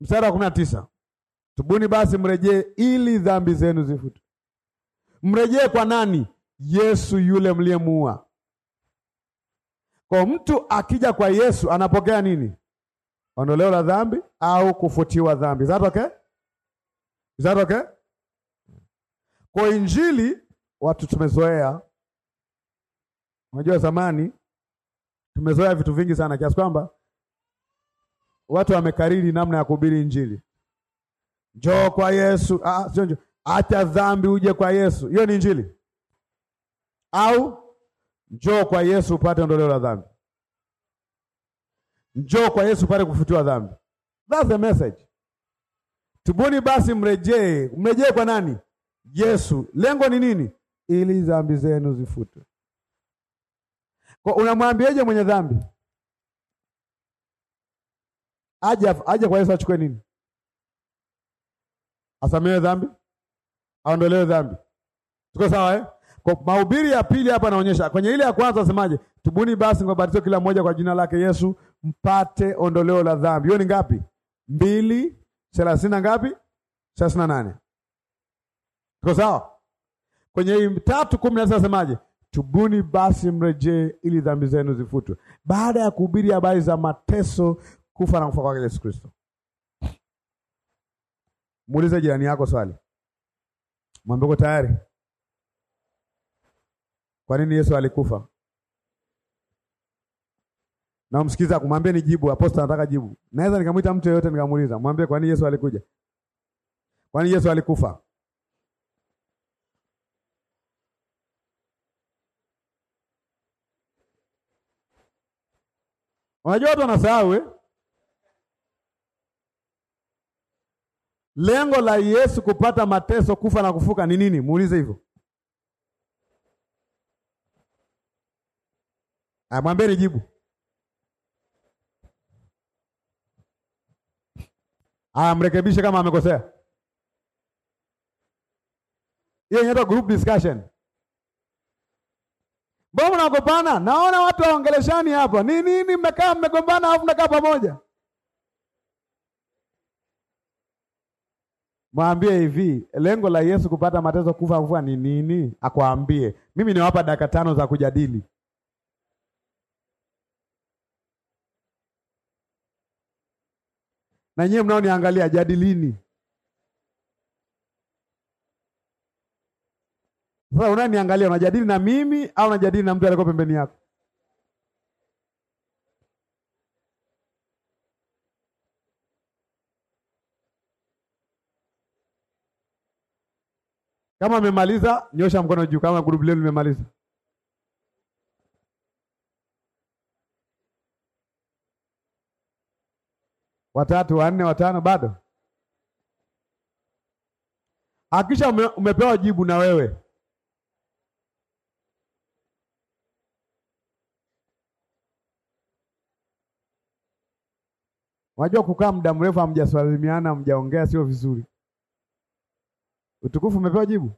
Mstari wa kumi na tisa, tubuni basi mrejee ili dhambi zenu zifutwe. Mrejee kwa nani? Yesu yule mliyemuua. Kwa mtu akija kwa Yesu anapokea nini? Ondoleo la dhambi au kufutiwa dhambi. Is that okay? Is that okay? Kwa injili watu tumezoea, unajua zamani tumezoea vitu vingi sana kiasi kwamba watu wamekariri namna ya kuhubiri Injili. Njoo kwa Yesu, ah, ah sio njoo, acha dhambi uje kwa Yesu. Hiyo ni Injili au njoo kwa Yesu upate ondoleo la dhambi, njoo kwa Yesu upate kufutiwa dhambi. That's the message. Tubuni basi mrejee. Mrejee kwa nani? Yesu. Lengo ni nini? Ili dhambi zenu zifutwe. Kwa unamwambiaje mwenye dhambi? aje aje kwa Yesu achukue nini? Asamewe dhambi, aondolewe dhambi. Tuko sawa eh? Kwa mahubiri ya pili hapa naonyesha kwenye ile ya kwanza asemaje? Tubuni basi mkabatizwe kila mmoja kwa jina lake Yesu mpate ondoleo la dhambi. Hiyo ni ngapi? mbili thelathini na ngapi? thelathini na nane. Tuko sawa? Kwenye tatu kumi na tisa asemaje? Tubuni basi mrejee ili dhambi zenu zifutwe. Baada ya kuhubiri habari za mateso, kufa na kufa kwake Yesu Kristo. Muulize jirani yako swali, mwambie uko tayari. Kwa nini Yesu alikufa? Na umsikiza kumwambia ni jibu. apostol anataka jibu. Naweza nikamwita mtu yeyote nikamuuliza, mwambie kwa nini Yesu alikuja? Kwa nini Yesu alikufa? Unajua watu wanasahau eh? Lengo la Yesu kupata mateso, kufa na kufuka ni nini? Muulize hivyo. Amwambie jibu. mrekebishe kama amekosea. Hiyo inaitwa group discussion. Mbona mnagombana? Naona watu waongeleshani hapa. Ni nini mmekaa mmegombana, alafu mmekaa pamoja? Mwambie hivi, lengo la Yesu kupata mateso, kufa, kufa ni nini? Akwambie. Mimi niwapa dakika tano za kujadili. Na nyewe mnaoniangalia, jadilini. Sasa unaniangalia, unajadili na mimi au unajadili na mtu aliyeko pembeni yako? Kama amemaliza nyosha mkono juu, kama group lenu limemaliza. Watatu, wanne, watano, bado akisha ume, umepewa jibu na wewe Unajua kukaa muda mrefu hamjasalimiana, hamjaongea sio vizuri. Utukufu umepewa jibu?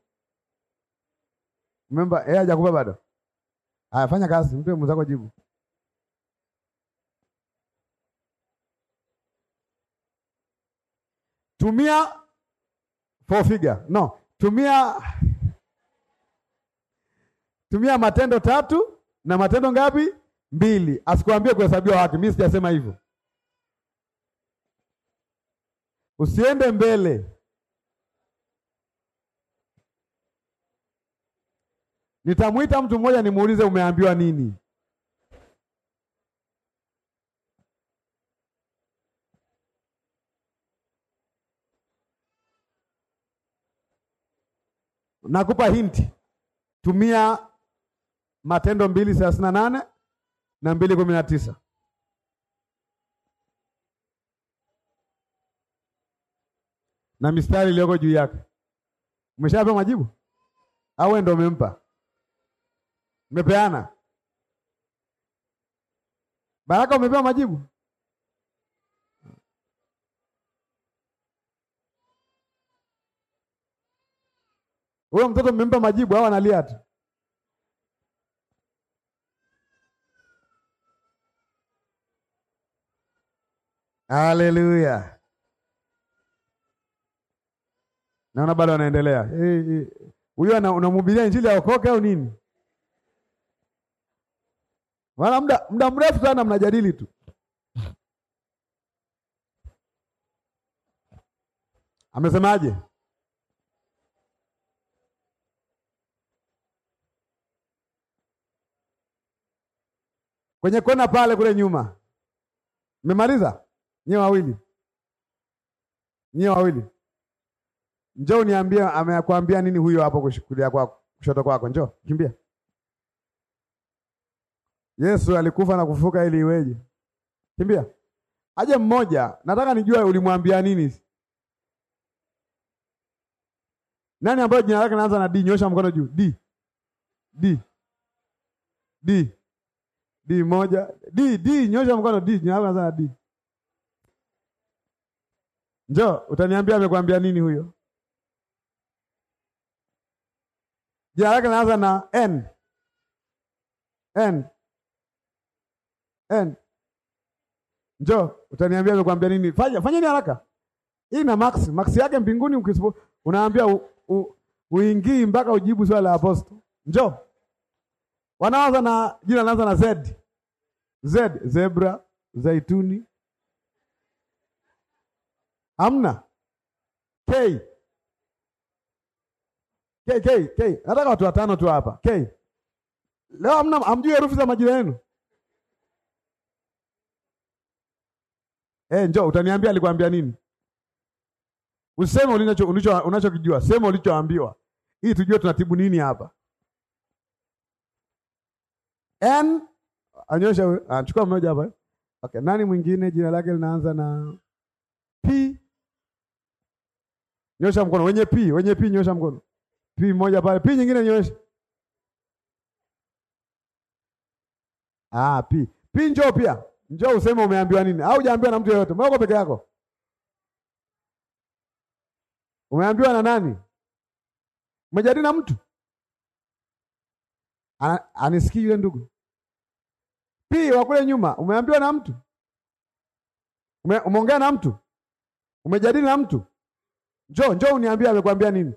Remember, yeye hajakupa bado. Haya, fanya kazi, mpe mwenzako jibu. Tumia four figure. No, tumia tumia Matendo tatu na Matendo ngapi? Mbili. Asikuambie kuhesabiwa haki. Mimi sijasema hivyo. Usiende mbele. Nitamwita mtu mmoja nimuulize umeambiwa nini? Nakupa hinti, tumia Matendo mbili thelathini na nane na mbili kumi na tisa. na mistari iliyoko juu yake. Umeshapewa majibu au ndio umempa? Mmepeana Baraka, umepewa majibu. Huyo mtoto mmempa majibu au analia tu? Haleluya! Naona bado anaendelea. Eh, eh. Huyo hey, hey. Unamhubiria injili ya au nini? Maana muda muda mrefu sana mnajadili tu. Amesemaje? Kwenye kona pale kule nyuma. Mmemaliza? Nyewe wawili. nyie wawili. Njoo niambie amekwambia nini huyo hapo kushikilia kwako, kushoto kwako. Njoo, kimbia. Yesu alikufa na kufuka ili iweje? Kimbia. Aje mmoja, nataka nijue ulimwambia nini? Nani ambaye jina lake naanza na D? Nyosha mkono juu. D. D. D. D moja. D, D, nyosha mkono D. Jina lake naanza na D. Njoo, utaniambia amekwambia nini huyo? Jina lake naanza na N. N and Njo, utaniambia nimekwambia nini? Fanya fanya ni haraka. Hii na max max yake mbinguni ukisipo unaambia uingii mpaka ujibu swali la aposto. njo Wanaanza na jina linaanza na Z. Z zebra, zaituni. Amna. K. K K K. Nataka watu watano tu hapa. K. Leo hamna hamjui herufi za majina yenu. Eh, njoo utaniambia alikwambia nini? Useme ulicho unachokijua, sema ulichoambiwa Hii tujue tunatibu nini hapa. N anyosha, achukua ah, mmoja hapa. Okay, nani mwingine jina lake linaanza na P? Nyosha mkono wenye P, wenye P nyosha mkono. P moja pale, P nyingine nyosha. Ah, P. P njoo pia. Njoo useme umeambiwa nini, au hujaambiwa na mtu yeyote? mwako peke yako? Umeambiwa na nani? Umejadili na mtu? Anisikii yule ndugu pii wa kule nyuma, umeambiwa na mtu? umeongea na mtu? Umejadili na mtu? Njoo njoo uniambie amekwambia nini.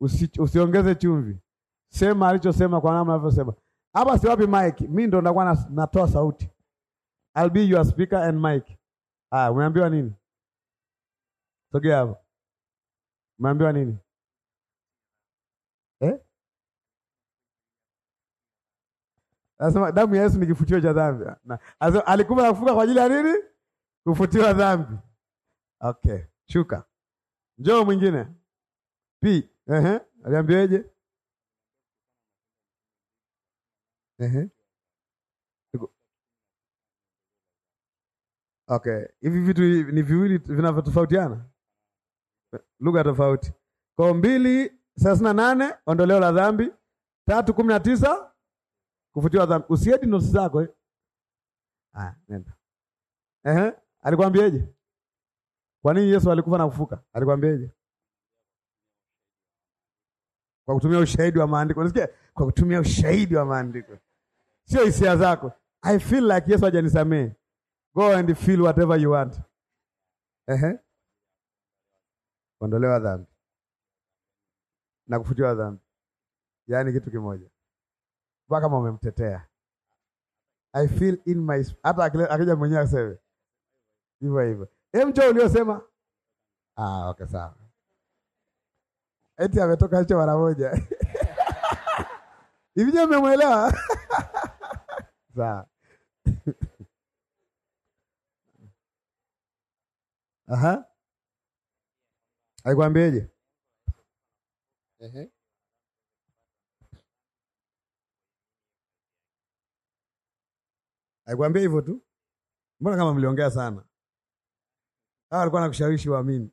Usi, usiongeze chumvi, sema alichosema kwa namna alivyosema. Hapa si wapi mic, mimi ndo ndakuwa natoa sauti. I'll be your speaker and mic. Ah, umeambiwa nini? Sogea hapo. Umeambiwa nini? Eh? Anasema damu ya Yesu ni kifutio cha dhambi. Na alikufa na kufuka kwa ajili ya nini? Kufutiwa dhambi. Okay, shuka. Njoo mwingine. P. Ehe, aliambiwaje? Ehe. Okay, hivi vitu ni viwili vinavyotofautiana, lugha tofauti. Kwa mbili thelathini na nane ondoleo la dhambi, tatu kumi na tisa kufutiwa dhambi. Usiedi nosi zako eh? Ah, nenda ehe. Alikwambieje? Kwa nini Yesu alikufa na kufuka? Alikwambieje? Kwa kutumia ushahidi wa maandiko. Unasikia? Kwa kutumia ushahidi wa maandiko, sio hisia zako. I feel like Yesu hajanisamehe Go and feel whatever you want. Ehe. Kuondolewa dhambi na kufutiwa dhambi, yaani kitu kimoja, mpaka kama umemtetea. I feel in my hata akija mwenyewe aseme hivyo hivyo, hem, njoo uliosema. Ah, okay, sawa. Eti ametoka hicho mara moja <laughs> hivi, je, umemwelewa? <laughs> sawa <laughs> Aha. Alikwambieje? Ehe. Alikwambia hivyo tu? Mbona kama mliongea sana? Hawa alikuwa kushawishi waamini,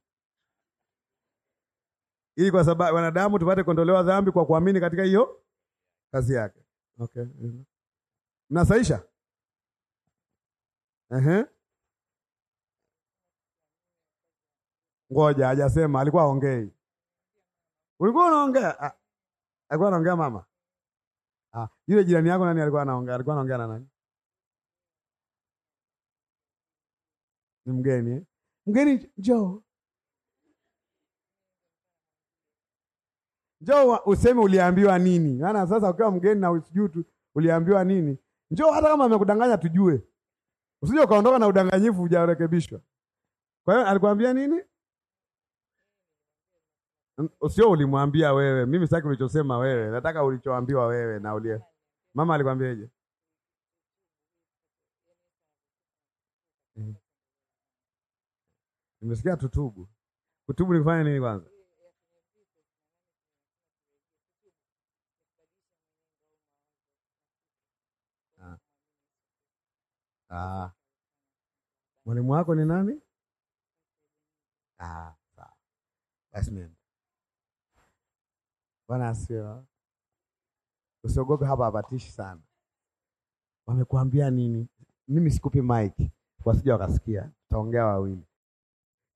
ili kwa sababu wanadamu tupate kuondolewa dhambi kwa kuamini katika hiyo kazi yake. Okay. Mnasaisha? Ehe. Ngoja hajasema, alikuwa aongei. Ulikuwa unaongea? Ah, alikuwa anaongea mama. Ah, yule jirani yako nani alikuwa anaongea? Alikuwa anaongea na nani? Ni mgeni eh? Mgeni njoo. Njoo useme uliambiwa nini? Maana sasa ukiwa mgeni na usijui tu uliambiwa nini? Njoo hata kama amekudanganya tujue. Usije ukaondoka na udanganyifu hujarekebishwa. Kwa hiyo alikwambia nini? sio ulimwambia wewe. Mimi sitaki ulichosema wewe, nataka ulichoambiwa wewe na ulie. Mama alikwambiaje? Mhm. Nimesikia tutubu. Kutubu ni kufanya nini kwanza? Ah. ah. Mwalimu wako ni nani? Ah, Basi mimi Bwana asifiwe. Usiogope, hapa hapatishi sana. Wamekuambia nini? Mimi sikupi mic wasije wakasikia, tutaongea wawili.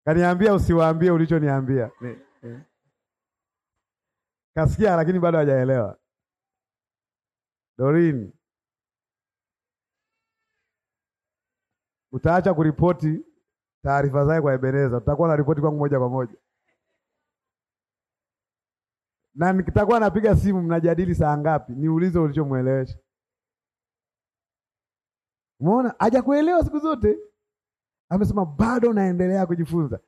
Kaniambia usiwaambie ulichoniambia kasikia, lakini bado hajaelewa. Dorini, utaacha kuripoti taarifa zake kwa Ebeneza, tutakuwa na ripoti kwangu moja kwa moja na nikitakuwa napiga simu mnajadili saa ngapi? Niulize ulichomwelewesha. Umeona, hajakuelewa siku zote. Amesema bado naendelea kujifunza.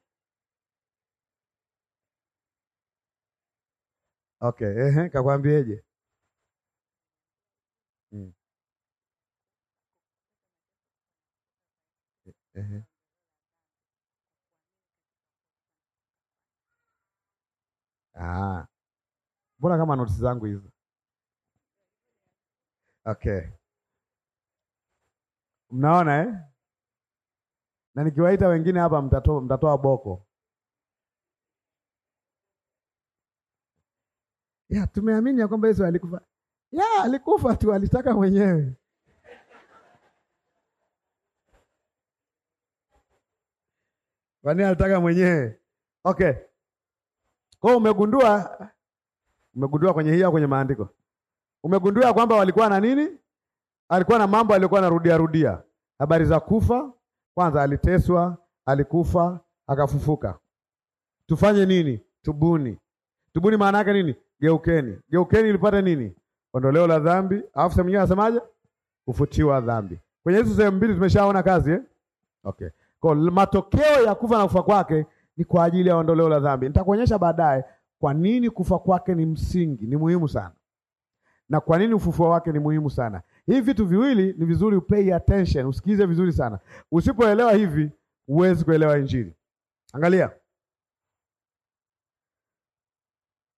Okay, ehe, kakwambieje? Hmm. Ah. Mbona kama notisi zangu hizo? Okay. Mnaona eh? Na nikiwaita wengine hapa mtatoa mtatoa boko. Ya, tumeamini ya kwamba Yesu alikufa. Ya, alikufa tu alitaka mwenyewe. Kwani alitaka mwenyewe? Okay. Kwa umegundua Umegundua kwenye hii au kwenye maandiko? Umegundua kwamba walikuwa na nini? Alikuwa na mambo alikuwa anarudia rudia, habari za kufa. Kwanza aliteswa, alikufa, akafufuka. Tufanye nini? Tubuni. Tubuni maana yake nini? Geukeni. Geukeni ilipata nini? Ondoleo la dhambi. Alafu sehemu nyingine anasemaje? Kufutiwa dhambi. Kwenye hizo sehemu mbili tumeshaona kazi eh? Okay. Kwa matokeo ya kufa na kufa kwake ni kwa ajili ya ondoleo la dhambi. Nitakuonyesha baadaye kwa nini kufa kwake ni msingi, ni muhimu sana, na kwa nini ufufuo wake ni muhimu sana. Hivi vitu viwili ni vizuri upay attention, usikize vizuri sana. Usipoelewa hivi, huwezi kuelewa Injili. Angalia,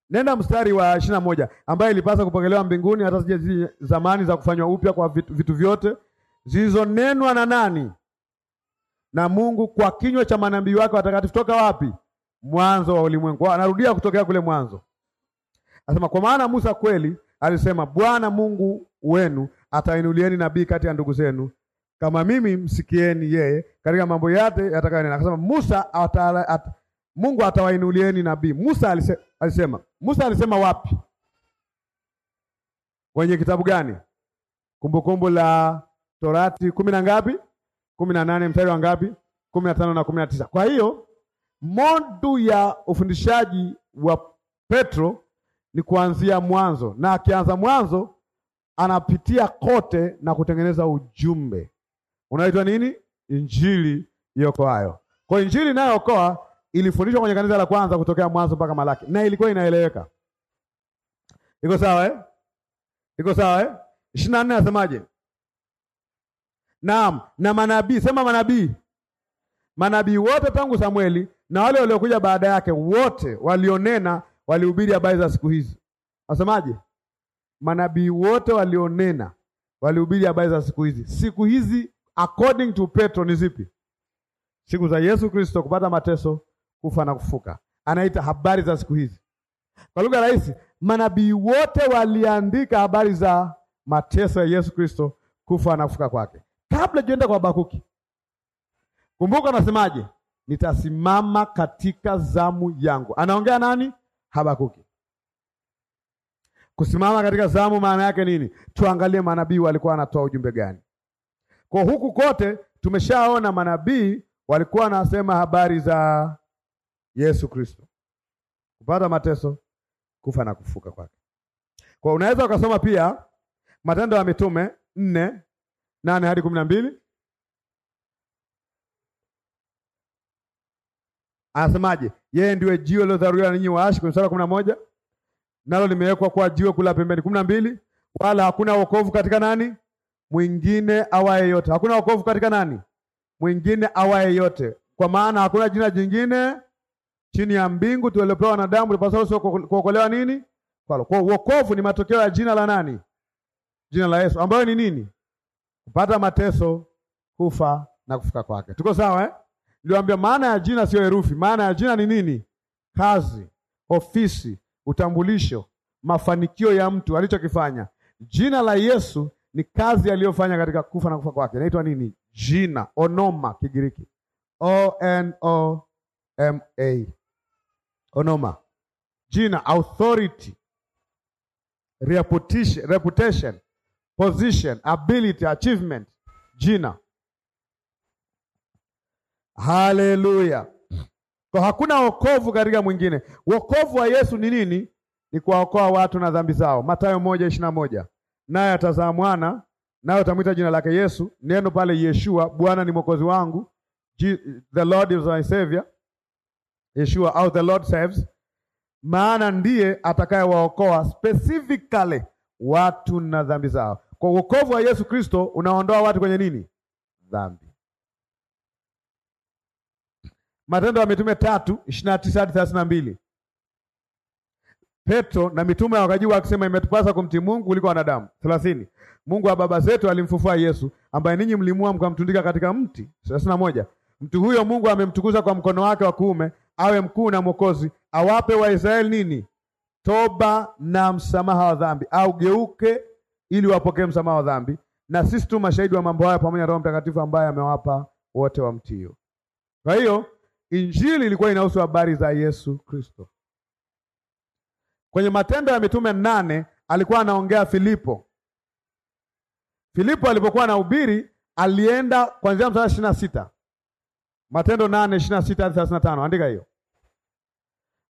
nenda mstari wa ishirini na moja ambaye ilipasa kupokelewa mbinguni hata zije zamani za kufanywa upya kwa vitu, vitu vyote zilizonenwa na nani? Na Mungu kwa kinywa cha manabii wake watakatifu. Toka wapi? mwanzo wa ulimwengu. Anarudia kutokea kule mwanzo, anasema kwa maana Musa kweli alisema, Bwana Mungu wenu atainulieni nabii kati ya ndugu zenu kama mimi, msikieni yeye katika mambo yote yatakayonena. Akasema Musa atala, at, Mungu atawainulieni nabii. Musa alise, alisema Musa alisema wapi? Kwenye kitabu gani? Kumbukumbu la Torati kumi na ngapi? kumi na nane mstari wa ngapi? kumi na tano na kumi na tisa. Kwa hiyo Modu ya ufundishaji wa Petro ni kuanzia mwanzo, na akianza mwanzo anapitia kote na kutengeneza ujumbe unaitwa nini? Injili iokoayo. Kwa injili inayookoa ilifundishwa kwenye kanisa la kwanza kutokea mwanzo mpaka Malaki, na ilikuwa inaeleweka. Iko sawa eh? Iko sawa eh? ishirini na nne nasemaje? Naam, na manabii, sema manabii, manabii wote tangu Samueli na wale waliokuja baada yake wote walionena walihubiri habari za siku hizi. Nasemaje? Manabii wote walionena walihubiri habari za siku hizi. Siku hizi according to Petro ni zipi? Siku za Yesu Kristo kupata mateso, kufa na kufuka. Anaita habari za siku hizi. Kwa lugha rahisi, manabii wote waliandika habari za mateso ya Yesu Kristo, kufa na kufuka kwake. Kabla jenda kwa Habakuki, kumbuka, nasemaje? nitasimama katika zamu yangu. Anaongea nani? Habakuki. Kusimama katika zamu maana yake nini? Tuangalie manabii walikuwa wanatoa ujumbe gani. Kwa huku kote tumeshaona manabii walikuwa wanasema habari za Yesu Kristo, kupata mateso, kufa na kufuka kwake. Kwa unaweza ukasoma pia Matendo ya Mitume nne nane hadi kumi na mbili Anasemaje? Yeye ndiwe jiwe lilodharuriwa ninyi waashi, kwenye sura kumi na moja nalo limewekwa kuwa jiwe kula pembeni. kumi na mbili wala hakuna wokovu katika nani mwingine awaye yote, hakuna wokovu katika nani mwingine awaye yote, kwa maana hakuna jina jingine chini ya mbingu tulilopewa wanadamu lipasalo sio kuokolewa nini kwalo. Kwa wokovu ni matokeo ya jina la nani? Jina la Yesu, ambayo ni nini? Kupata mateso, kufa na kufika kwake. Tuko sawa eh? Niliwaambia maana ya jina sio herufi. Maana ya jina ni nini? Kazi, ofisi, utambulisho, mafanikio ya mtu alichokifanya. Jina la Yesu ni kazi aliyofanya katika kufa na kufa kwake. Inaitwa nini? Jina, onoma Kigiriki. O N O M A. Onoma. Jina, authority, reputation, reputation, position, ability, achievement. Jina. Haleluya! Mm. Kwa hakuna wokovu katika mwingine. Wokovu wa Yesu ni nini? Ni kuwaokoa watu na dhambi zao. Mathayo moja ishirini na moja naye atazaa mwana, naye utamwita jina lake Yesu, neno pale Yeshua, Bwana ni mwokozi wangu, the Lord is my savior, Yeshua au the Lord saves, maana ndiye atakayewaokoa specifically watu na dhambi zao. Kwa wokovu wa Yesu Kristo unaondoa watu kwenye nini? Dhambi. Matendo ya Mitume tatu ishirini na tisa hadi thelathini na mbili Petro na mitume wakajibu akisema, imetupasa kumtii Mungu kuliko wanadamu. thelathini Mungu wa baba zetu alimfufua Yesu ambaye ninyi mlimua mkamtundika katika mti. thelathini na moja mtu huyo Mungu amemtukuza kwa mkono wake wa kuume awe mkuu na mwokozi, awape Waisraeli nini? Toba na msamaha wa dhambi, au geuke ili wapokee msamaha wa dhambi. Na sisi tu mashahidi wa mambo haya, pamoja na Roho Mtakatifu ambaye amewapa wote mtio. Kwa hiyo Injili ilikuwa inahusu habari za Yesu Kristo. Kwenye Matendo ya Mitume nane alikuwa anaongea Filipo. Filipo alipokuwa anahubiri alienda kuanzia mstari ishirini na sita Matendo nane ishirini na sita hadi thelathini na tano Andika hiyo,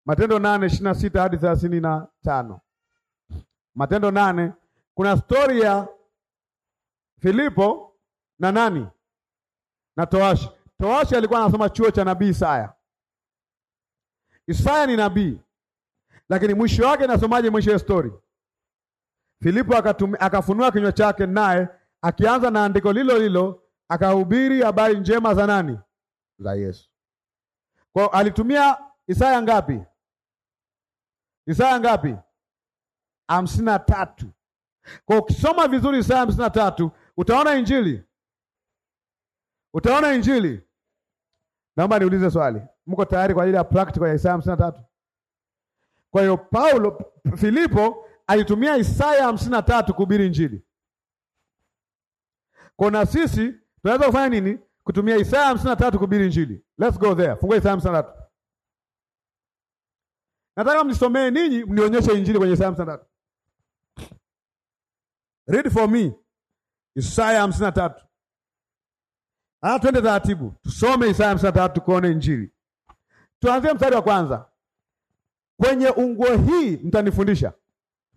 Matendo nane ishirini na sita hadi thelathini na tano Matendo nane kuna stori ya Filipo na nani na toashi Toashi alikuwa anasoma chuo cha nabii Isaya. Isaya ni nabii, lakini mwisho wake nasomaje? Mwisho ya stori, Filipo akafunua kinywa chake, naye akianza na andiko lilo lilo akahubiri habari njema za nani? Za Yesu. Kwa alitumia Isaya ngapi? Isaya ngapi? hamsini na tatu. Kwa ukisoma vizuri Isaya hamsini na tatu utaona injili, utaona injili Naomba niulize swali, mko tayari kwa ajili ya practical ya Isaya hamsini na tatu? Kwa hiyo Paulo Filipo alitumia Isaya hamsini na tatu kuhubiri Injili. Kwa na sisi tunaweza kufanya nini? Kutumia Isaya hamsini na tatu kuhubiri Injili. Let's go there. Fungua Isaya hamsini na tatu. Nataka mnisomee ninyi, mnionyeshe Injili kwenye Isaya hamsini na tatu. Read for me Isaya hamsini na tatu. Ah, twende taratibu, tusome Isaya hamsini na tatu tukaone Injili. Tuanzie mstari wa kwanza, kwenye unguo hii mtanifundisha.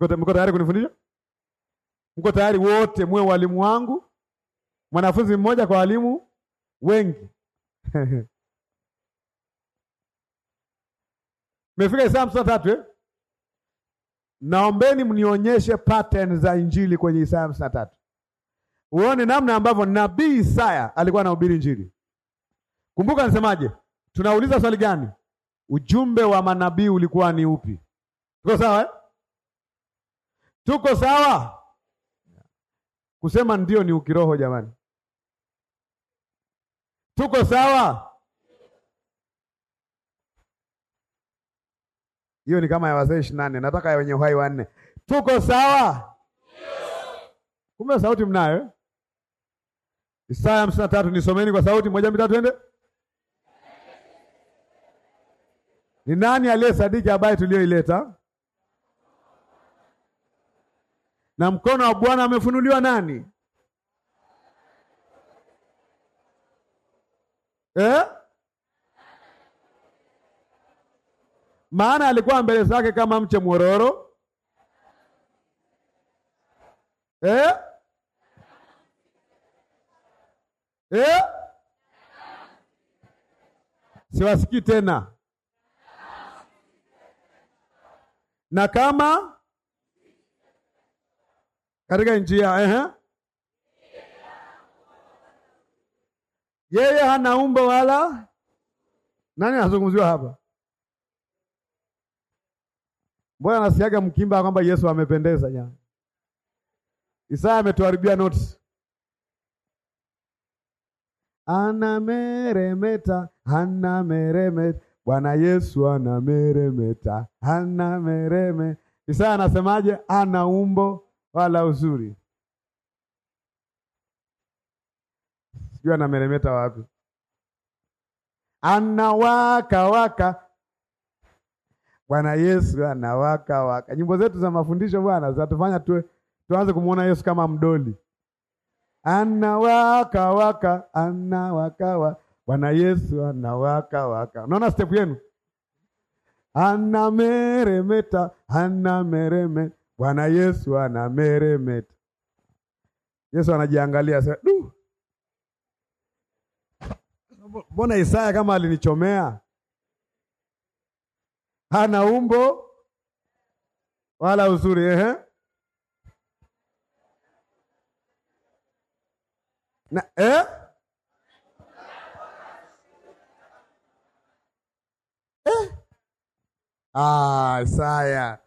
Mko tayari kunifundisha? Mko tayari wote muwe walimu wangu, mwanafunzi mmoja kwa walimu wengi? <laughs> Mefika Isaya hamsini na tatu eh? Naombeni mnionyeshe pattern za injili kwenye Isaya hamsini na tatu uone namna ambavyo nabii Isaya alikuwa anahubiri Injili. Kumbuka nisemaje? Tunauliza swali gani? Ujumbe wa manabii ulikuwa ni upi? Tuko sawa eh? Tuko sawa? Kusema ndio ni ukiroho jamani. Tuko sawa? Hiyo ni kama ya wazee ishirini na nane. Nataka ya wenye uhai wanne. Tuko sawa? Kumbe sauti mnayo. Eh? Isaya hamsini na tatu nisomeni kwa sauti moja mitatu ende Ni nani sadiki habari tuliyoileta? Na mkono wa Bwana amefunuliwa nani? Eh? Maana alikuwa mbele zake kama mche mwororo. Eh? eh? Siwasikii tena. Na kama katika njia eh? Yeye hana umbo wala nani anazungumziwa hapa? Mbona nasiaga mkimba kwamba Yesu amependeza nyama. Isaya ametuharibia notes anameremeta, anameremeta. Bwana Yesu anameremeta, anamereme. Isaya anasemaje? Ana umbo wala uzuri, sijui anameremeta wapi? Anawaka waka Bwana Yesu anawaka waka. Nyimbo zetu za mafundisho Bwana zinatufanya tuanze kumwona Yesu kama mdoli anawakawaka waka waka Bwana Yesu anawakawaka waka. Unaona step yenu, anameremeta anameremeta. Bwana Yesu anameremeta. Yesu anajiangalia sasa, du, mbona Isaya kama alinichomea? Hana umbo wala uzuri, ehe na, eh? Eh? Ah, Isaiah.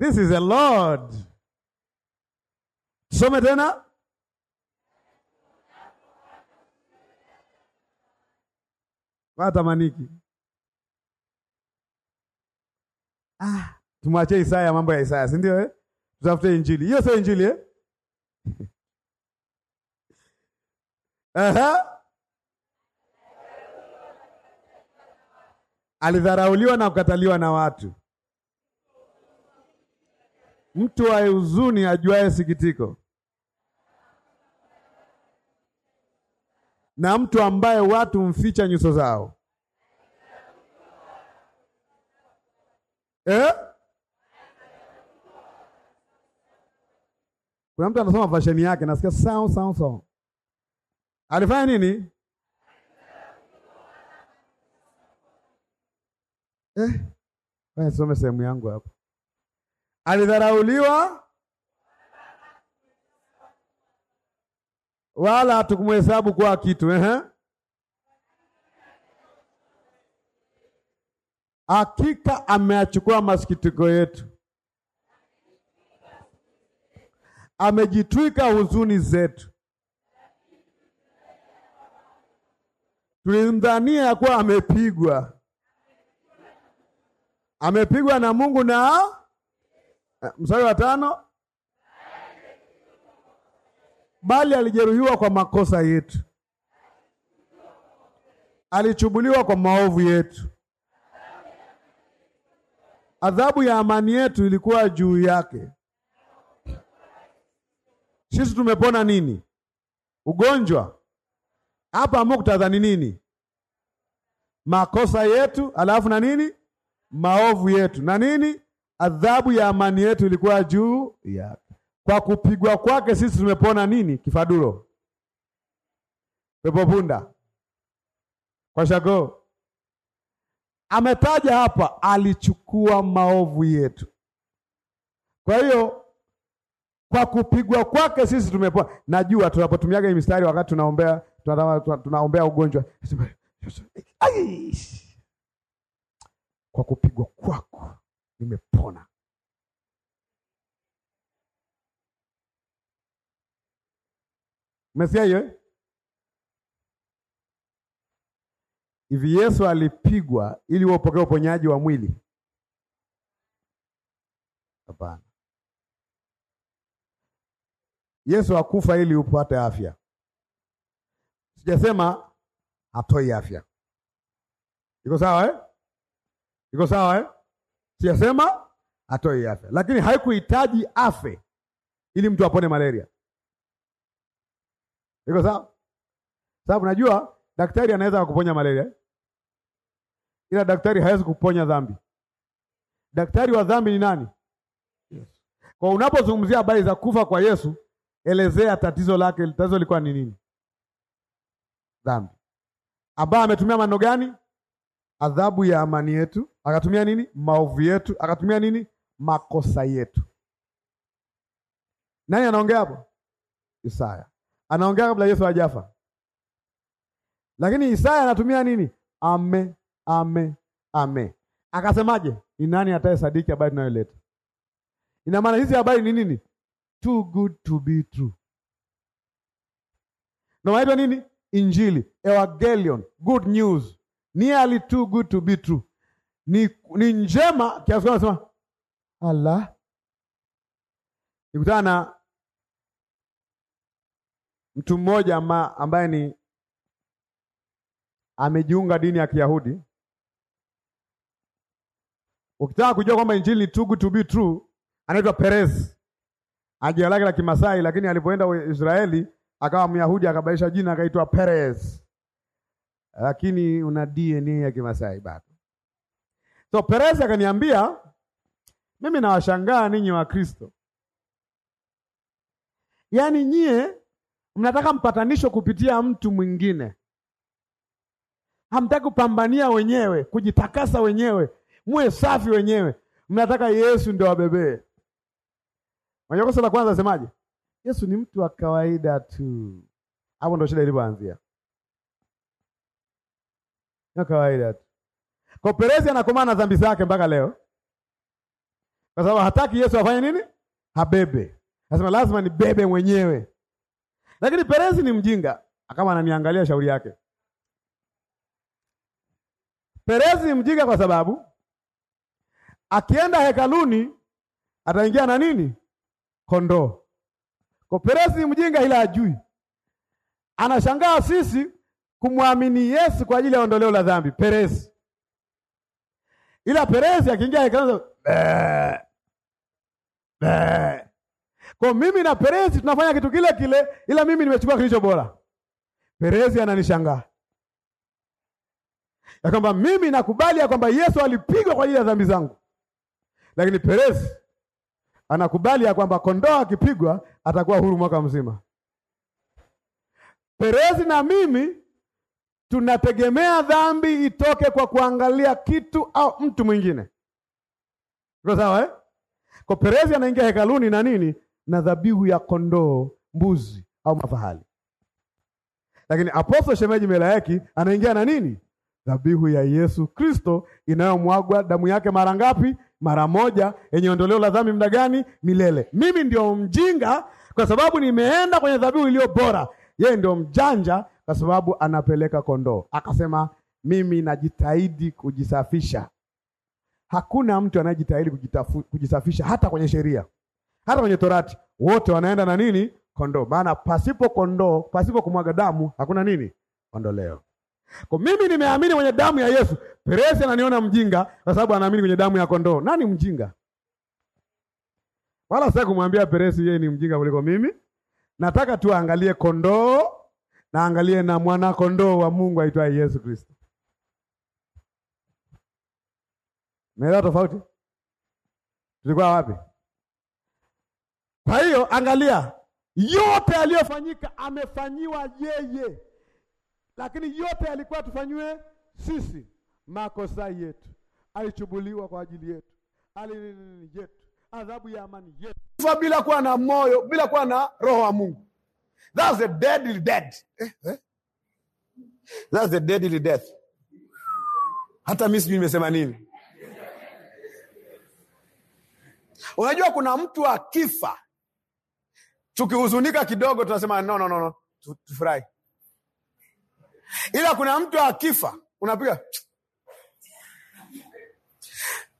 This is a Lord. Tusome tena. Watamaniki. Ah, tumwachie Isaya mambo ya Isaya, si ndio eh? Tutafute injili. Hiyo sio injili eh? <laughs> Aha. Uh-huh. Alidharauliwa na kukataliwa na watu. Mtu wa huzuni ajuaye sikitiko, na mtu ambaye watu mficha nyuso zao eh? Kuna mtu anasoma fasheni yake, nasikia sound sound sound alifanya nini eh? Nisome sehemu yangu hapo. Alidharauliwa wala hatukumuhesabu kuwa kitu eh? Hakika ameachukua masikitiko yetu, amejitwika huzuni zetu. tulimdhania ya kuwa amepigwa, amepigwa na Mungu na eh, mstari wa tano, bali alijeruhiwa kwa makosa yetu, alichubuliwa kwa maovu yetu, adhabu ya amani yetu ilikuwa juu yake. Sisi tumepona nini? Ugonjwa hapa muktadha ni nini? Makosa yetu, alafu na nini? Maovu yetu na nini? Adhabu ya amani yetu ilikuwa juu ya kwa kupigwa kwake sisi tumepona nini? Kifaduro, pepo punda, kwa shago. Ametaja hapa, alichukua maovu yetu. Kwa hiyo kwa kupigwa kwake sisi tumepona. Najua tunapotumiaga hii mistari wakati tunaombea tunaombea ugonjwa kwa kupigwa kwako nimepona. mesia hiyo eh? hivi? Yesu alipigwa ili upokee uponyaji wa mwili? Hapana. Yesu akufa ili upate afya. Sijasema hatoi afya. Iko sawa eh? Iko sawa eh? Sijasema hatoi afya, lakini haikuhitaji afe ili mtu apone malaria. Iko sawa? Sababu najua daktari anaweza kuponya malaria, ila daktari hawezi kuponya dhambi. Daktari wa dhambi ni nani? Yes. Kwa unapozungumzia habari za kufa kwa Yesu, elezea tatizo lake, tatizo lilikuwa ni nini? dhambi, ambaye ametumia maneno gani? Adhabu ya amani yetu, akatumia nini? Maovu yetu, akatumia nini? Makosa yetu. Nani anaongea hapo? Isaya anaongea kabla Yesu hajafa, lakini Isaya anatumia nini? Ame, ame, ame. Akasemaje? Ni nani ataye sadiki habari tunayoleta? Ina maana hizi habari ni nini? Too good to be true, ndio maana nini? Injili, evangelion, good news, nearly too good to be true, ni, ni njema kiasi kwamba nasema ala. Nikutana na mtu mmoja ambaye ni amejiunga dini ya Kiyahudi. Ukitaka kujua kwamba injili ni too good to be true, anaitwa Perez, ajira lake la Kimasai, lakini alipoenda Israeli akawa Myahudi akabadilisha jina akaitwa Perez, lakini una DNA ya Kimasai bado. So Perez akaniambia mimi nawashangaa ninyi wa Kristo, yaani nyie mnataka mpatanisho kupitia mtu mwingine, hamtaki kupambania wenyewe, kujitakasa wenyewe, muwe safi wenyewe, mnataka Yesu ndio wabebee. Unajua la kwanza asemaje? Yesu ni mtu wa kawaida tu. Hapo ndo shida ilipoanzia, ni kawaida tu. Kwa Perezi anakomana na dhambi zake mpaka leo, kwa sababu hataki Yesu afanye nini? Habebe, anasema lazima nibebe mwenyewe. Lakini Perezi ni mjinga, akawa ananiangalia shauri yake. Perezi ni mjinga kwa sababu akienda hekaluni ataingia na nini? Kondoo. Kwa Perezi ni mjinga ila ajui, anashangaa sisi kumwamini Yesu kwa ajili ya ondoleo la dhambi. Perezi ila Perezi akiingia akaanza kwa mimi na Perezi tunafanya kitu kile kile, ila mimi nimechukua kilicho bora. Perezi ananishangaa ya kwamba mimi nakubali ya kwamba Yesu alipigwa kwa ajili ya dhambi zangu, lakini Perezi anakubali ya kwamba kondoo akipigwa atakuwa huru mwaka mzima. Perezi na mimi tunategemea dhambi itoke kwa kuangalia kitu au mtu mwingine. Iko sawa eh? Kwa Perezi anaingia hekaluni na nini? Na dhabihu ya kondoo, mbuzi au mafahali. Lakini apostol shemeji Melaeki anaingia na nini? Dhabihu ya Yesu Kristo inayomwagwa damu yake mara ngapi? mara moja yenye ondoleo la dhambi, muda gani? Milele. Mimi ndio mjinga kwa sababu nimeenda kwenye dhabihu iliyo bora. Yeye ndio mjanja kwa sababu anapeleka kondoo. Akasema mimi najitahidi kujisafisha. Hakuna mtu anayejitahidi kujisafisha, hata kwenye sheria, hata kwenye Torati, wote wanaenda na nini? Kondoo. Maana pasipo kondoo, pasipo kumwaga damu, hakuna nini? Ondoleo. Kwa mimi nimeamini kwenye damu ya Yesu. peresi ananiona mjinga kwa sababu anaamini kwenye damu ya kondoo. Nani mjinga? Wala sasa kumwambia peresi yeye ni mjinga kuliko mimi. Nataka tu aangalie kondoo na angalie na mwana kondoo wa Mungu aitwaye Yesu Kristo. Mera tofauti? Tulikuwa wapi? Kwa hiyo angalia yote aliyofanyika amefanyiwa yeye lakini yote alikuwa tufanyiwe sisi makosa yetu, alichubuliwa kwa ajili yetu, alinini yetu, adhabu ya amani yetu, bila kuwa na moyo, bila kuwa na roho wa Mungu. That's a deadly dead. Eh, eh? That's a deadly death. Hata mimi sijui nimesema nini. Unajua kuna mtu akifa tukihuzunika kidogo tunasema no, no, no, no. Tufurahi ila kuna mtu akifa unapiga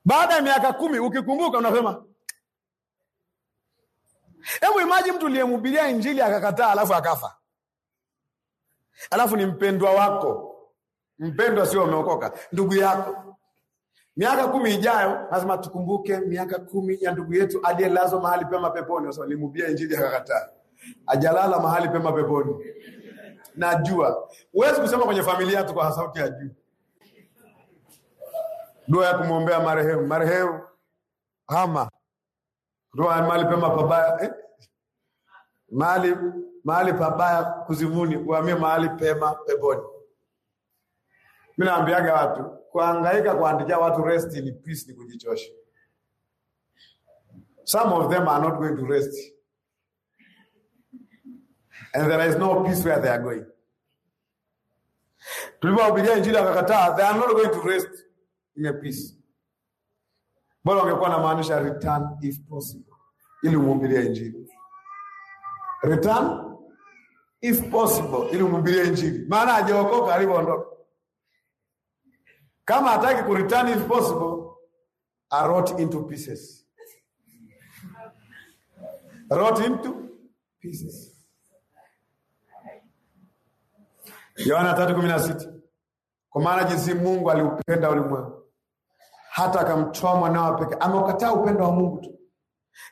baada ya miaka kumi ukikumbuka unasema hebu imaji mtu uliyemhubiria injili akakataa alafu akafa alafu ni mpendwa wako mpendwa sio ameokoka ndugu yako miaka kumi ijayo lazima tukumbuke miaka kumi ya ndugu yetu aliyelazwa mahali pema peponi walimhubiria injili akakataa ajalala mahali pema peponi najua Huwezi kusema kwenye familia tu kwa sauti ya juu. Dua ya kumwombea marehemu, marehemu ama dua mali pema pabaya eh? mahali mahali pabaya kuzimuni, uhamie mahali pema peponi. mi naambiaga watu kuangaika kuandikia watu rest in peace ni kujichosha. Some of them are not going to rest and there is no peace where they are going. Tulipowahubiria Injili akakataa, they are not going to rest in a peace. Bora ungekuwa na maanisha return if possible, ili umhubiria Injili. Return if possible, ili umhubiria Injili, maana hajaokoka alivyoondoka. Kama hataki ku return if possible, I wrote into pieces, Wrote into pieces Yohana tatu kumi na sita kwa maana jinsi Mungu aliupenda ulimwengu hata akamtoa mwanao pekee. Ameukataa upendo wa Mungu tu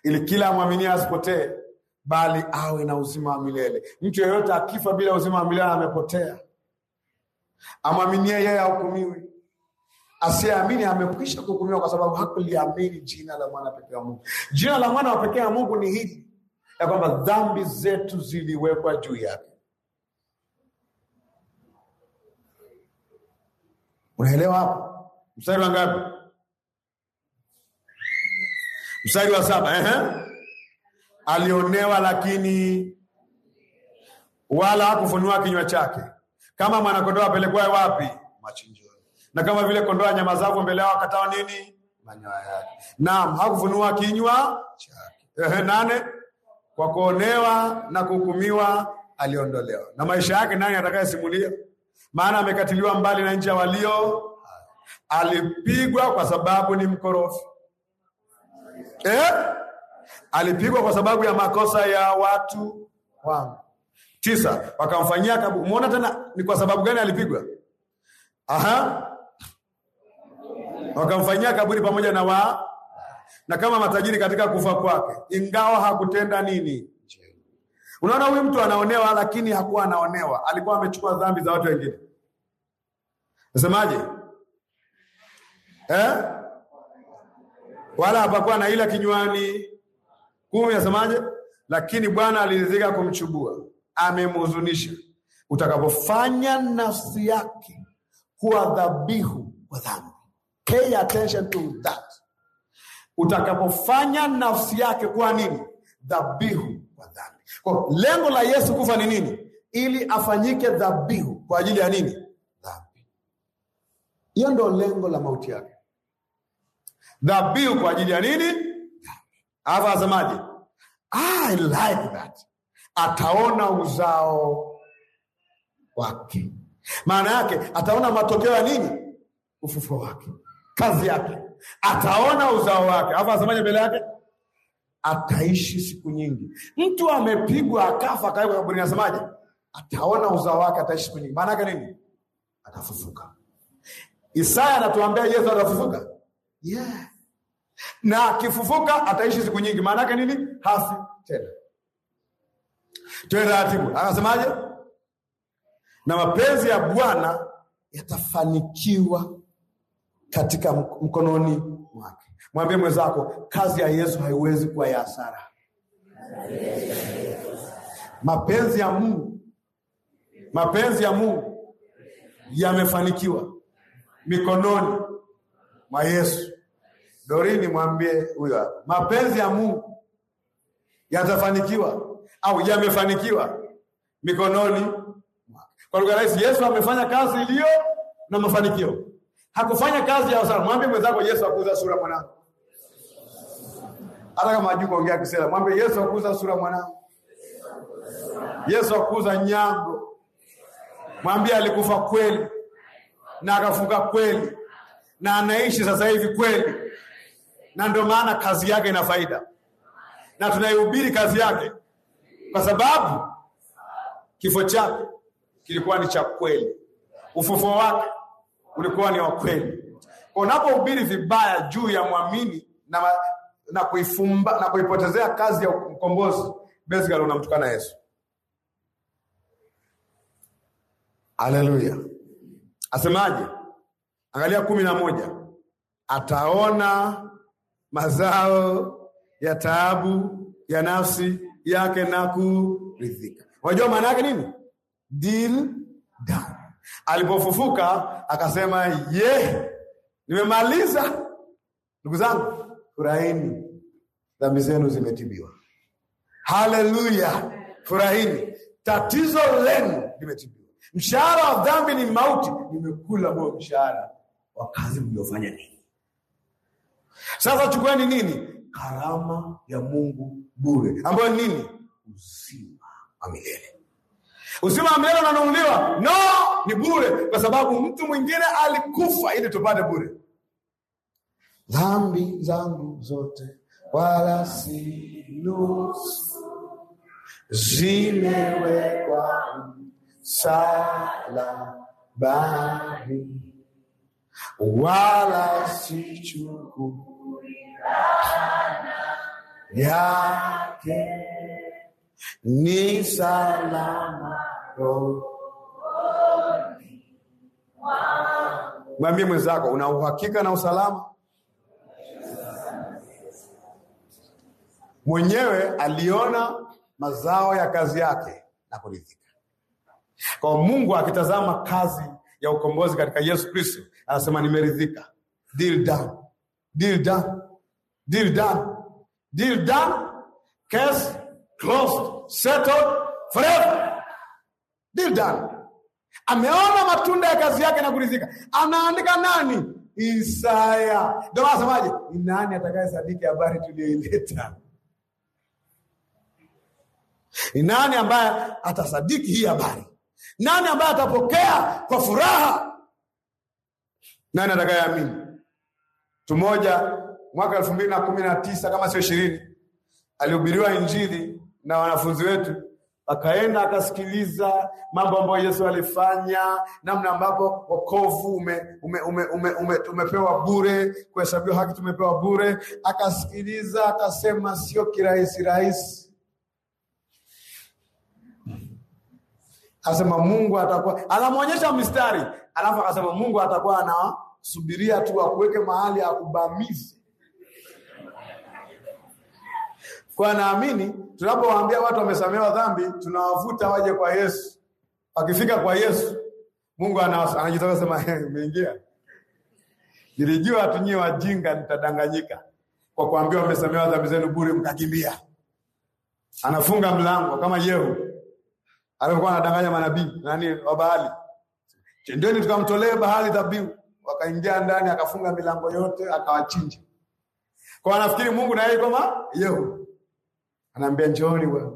ili kila amwaminie asipotee, bali awe na uzima wa milele. Mtu yeyote akifa bila uzima wa milele amepotea. Amwaminie yeye ahukumiwi, asiyeamini amekwisha kuhukumiwa, kwa sababu hakuliamini jina la mwana pekee wa Mungu. Jina la mwana wa pekee wa Mungu ni hili ya kwamba dhambi zetu ziliwekwa juu yake Unaelewa hapo? Mstari wa ngapi? Mstari wa saba. Ehe, alionewa lakini wala hakufunua kinywa chake, kama mwanakondoo apelekwaye wapi? Machinjoni. Na kama vile kondoo anyamazavu mbele yao akatao nini? Manyoya yake. Naam, hakufunua kinywa chake. Ehe, nane, kwa kuonewa na kuhukumiwa aliondolewa. Na maisha yake nani atakayesimulia? maana amekatiliwa mbali na nchi ya walio. Alipigwa kwa sababu ni mkorofi eh? Alipigwa kwa sababu ya makosa ya watu wangu. Tisa, wakamfanyia kabu. Umeona tena ni kwa sababu gani alipigwa? Aha, wakamfanyia kaburi pamoja na wa na kama matajiri katika kufa kwake, ingawa hakutenda nini Unaona, huyu mtu anaonewa, lakini hakuwa anaonewa, alikuwa amechukua dhambi za watu wengine. Nasemaje eh? wala hapakuwa na ila kinywani. Kumi nasemaje? Lakini Bwana aliridhika kumchubua, amemhuzunisha. Utakapofanya nafsi yake kuwa dhabihu kwa dhambi, pay attention to that. Utakapofanya nafsi yake kuwa nini? Dhabihu kwa lengo la Yesu kufa ni nini? Ili afanyike dhabihu kwa ajili ya nini? Dhambi. Hiyo ndio lengo la mauti yake, dhabihu kwa ajili ya nini? Hapa asemaje? I like that, ataona uzao wake, maana yake ataona matokeo ya nini? Ufufuo wake, kazi yake, ataona uzao wake. Hapa asemaje mbele yake? ataishi siku nyingi. Mtu amepigwa akafa akawekwa kaburini, nasemaje? Ataona uzao wake, ataishi siku nyingi. Maana yake nini? Atafufuka. Isaya anatuambia Yesu atafufuka, yeah. na akifufuka ataishi siku nyingi. Maana yake nini? Hafi tena. Twende taratibu, anasemaje? Na mapenzi ya Bwana yatafanikiwa katika mkononi mwake. Mwambie mwenzako, kazi ya Yesu haiwezi kuwa ya hasara. Mapenzi ya Mungu, mapenzi ya Mungu yamefanikiwa mikononi mwa Yesu. Dorini, mwambie huyo, mapenzi ya Mungu yatafanikiwa au yamefanikiwa mikononi mwake. Kwa lugha rahisi, Yesu amefanya kazi iliyo na mafanikio hakufanya kazi ya usalama. Mwambie mwenzako Yesu akuza sura mwanangu, hata kama hajui kuongea Kisela, mwambie Yesu akuza sura mwanangu, Yesu akuza nyango. Mwambie alikufa kweli na akafuka kweli na anaishi sasa hivi kweli, na ndio maana kazi yake ina faida na tunaihubiri kazi yake, kwa sababu kifo chake kilikuwa ni cha kweli, ufufuo wake ulikuwa ni wa kweli. Unapohubiri vibaya juu ya mwamini na, na kuifumba na kuipotezea kazi ya mkombozi, basically unamtukana Yesu. Haleluya! Asemaje? Angalia kumi na moja, ataona mazao ya taabu ya nafsi yake na kuridhika. Unajua maana yake nini? Deal Alipofufuka akasema ye, nimemaliza. Ndugu zangu, furahini, dhambi zenu zimetibiwa. Haleluya, furahini, tatizo lenu limetibiwa. Mshahara wa dhambi ni mauti, nimekula huo mshahara wa kazi mliofanya nini? Sasa chukueni nini? Karama ya Mungu bure, ambayo nini? Uzima wa milele. Uzima wa milele unanunuliwa? No, ni bure, kwa sababu mtu mwingine alikufa ili tupate bure. Dhambi zangu zote wala si nusu zimewekwa msalabani, wala si chuku yake ni salama rohoni mwangu. Mwambie mwenzako una uhakika na usalama mwenyewe. Aliona mazao ya kazi yake na kuridhika. Kwa Mungu akitazama kazi ya ukombozi katika Yesu Kristo anasema nimeridhika. Deal done. Deal done. Deal done. Deal done. Case closed settled forever. Deal done. Ameona matunda ya kazi yake na kuridhika. Anaandika nani? Isaya. Ndio anasemaje? Ni nani atakayesadiki habari tuliyoileta? Ni nani ambaye atasadiki hii habari? Nani ambaye atapokea kwa furaha? Nani atakayeamini? Tumoja mwaka elfu mbili na kumi na tisa kama sio ishirini alihubiriwa Injili na wanafunzi wetu akaenda akasikiliza mambo ambayo Yesu alifanya, namna ambapo wokovu ume, ume, ume, ume, ume, bure, kuhesabiwa haki tumepewa bure. Akasikiliza akasema, sio kirahisi rahisi, akasema Mungu atakuwa anamwonyesha mistari, alafu akasema Mungu atakuwa anasubiria tu akuweke mahali akubamize Kwa naamini tunapowaambia watu wamesamehewa dhambi, tunawavuta waje kwa Yesu. Wakifika kwa Yesu, Mungu anajitaka sema, umeingia. Nilijua tunyie wajinga nitadanganyika kwa kuambiwa wamesamehewa dhambi zenu bure, mkakimbia. Anafunga mlango kama Yehu alikuwa anadanganya manabii nani wa Baali, chendeni tukamtolee Baali dhabihu. Wakaingia ndani, akafunga milango yote, akawachinja. Kwa anafikiri Mungu naye kama Yehu Anaambia njooni Bwana,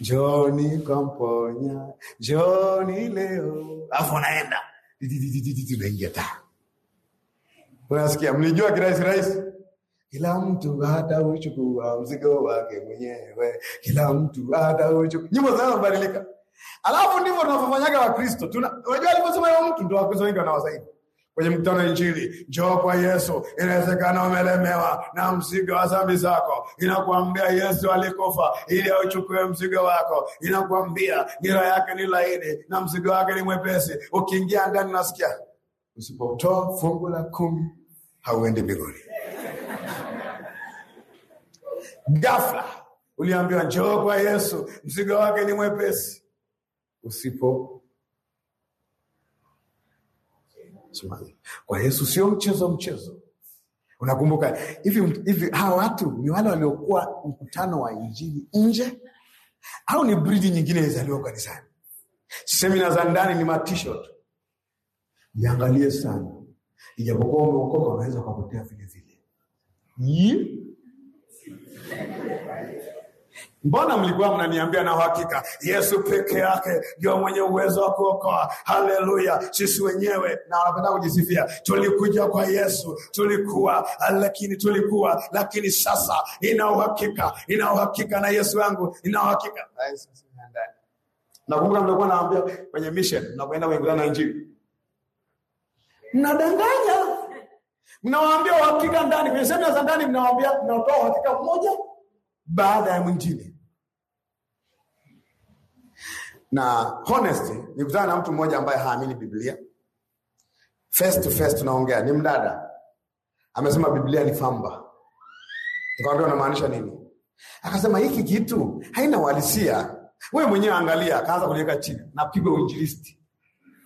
njooni kamponya, njooni leo. Alafu anaenda unaingia ta, unasikia mlijua kirahisi rahisi kila mtu hata uchukua mzigo wake mwenyewe, kila mtu hata uchukua. Nyimbo zinazobadilika, alafu ndivyo tunavyofanyaga Wakristo. Tuna unajua alivyosema hiyo mtu, ndo Wakristo wengi wanawazaidi kwenye mkutano wa Injili, njoo kwa Yesu. Inawezekana umelemewa na mzigo wa dhambi zako, inakuambia Yesu alikufa ili auchukue mzigo wako, inakuambia nira yake ni laini na mzigo wake ni mwepesi. Ukiingia ndani, nasikia usipotoa fungu la kumi hauendi mbinguni. Ghafla uliambiwa njoo kwa Yesu, mzigo wake ni mwepesi. usipo Somali. Kwa Yesu sio mchezo mchezo. Unakumbuka hivi hivi, hawa watu ni wale waliokuwa mkutano wa injili nje, au ni bridi nyingine ilizaliwa kanisani? Semina za ndani ni matisho tu. sana, ijapokuwa umeokoka, unaweza ukapotea vile vile. Mbona mlikuwa mnaniambia na uhakika Yesu peke yake ndio mwenye uwezo wa kuokoa? Haleluya! Sisi wenyewe na wanapenda kujisifia, tulikuja kwa Yesu, tulikuwa lakini, tulikuwa lakini, sasa ina uhakika, ina uhakika na Yesu yangu, ina uhakika Nakumbuka mlikuwa naambia kwenye mission, kuingiza na Injili, mnadanganya, mnawaambia uhakika ndani, kwenye semina za ndani mnawaambia, mnatoa uhakika mmoja baada ya mwingine na honesty. Nikutana na mtu mmoja ambaye haamini Biblia, face to face tunaongea, ni mdada, amesema Biblia ni famba. Nikamwambia unamaanisha nini? Akasema hiki kitu haina uhalisia, we mwenyewe angalia. Akaanza kuliweka chini, napigwa uinjilisti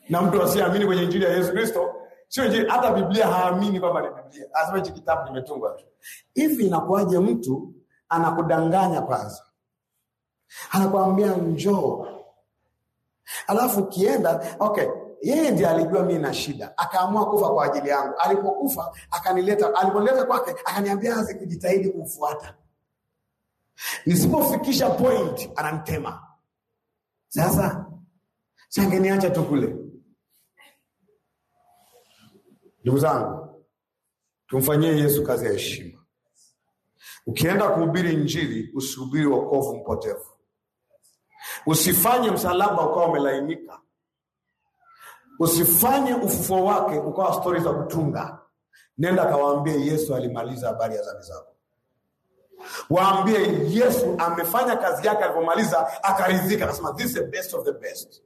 na mtu asiamini kwenye injili ya Yesu Kristo, sio injili, hata Biblia haamini kwamba ni Biblia, anasema hichi kitabu kimetungwa tu. hivi. Inakuwaje mtu anakudanganya kwanza, anakuambia njoo Alafu ukienda okay, yeye ndiye alijua mi na shida, akaamua kufa kwa ajili yangu. Alipokufa akanileta, aliponileta kwake akaniambia aanze kujitahidi kumfuata, nisipofikisha point anamtema. Sasa sangeniacha tu kule. Ndugu zangu, tumfanyie Yesu kazi ya heshima. Ukienda kuhubiri Injili, usihubiri wokovu mpotevu. Usifanye msalaba ukawa umelainika, usifanye ufufuo wake ukawa stori za kutunga. Nenda kawaambie Yesu alimaliza habari ya dhambi zako. Waambie Yesu amefanya kazi yake, alipomaliza akaridhika, akasema this is the best of the best.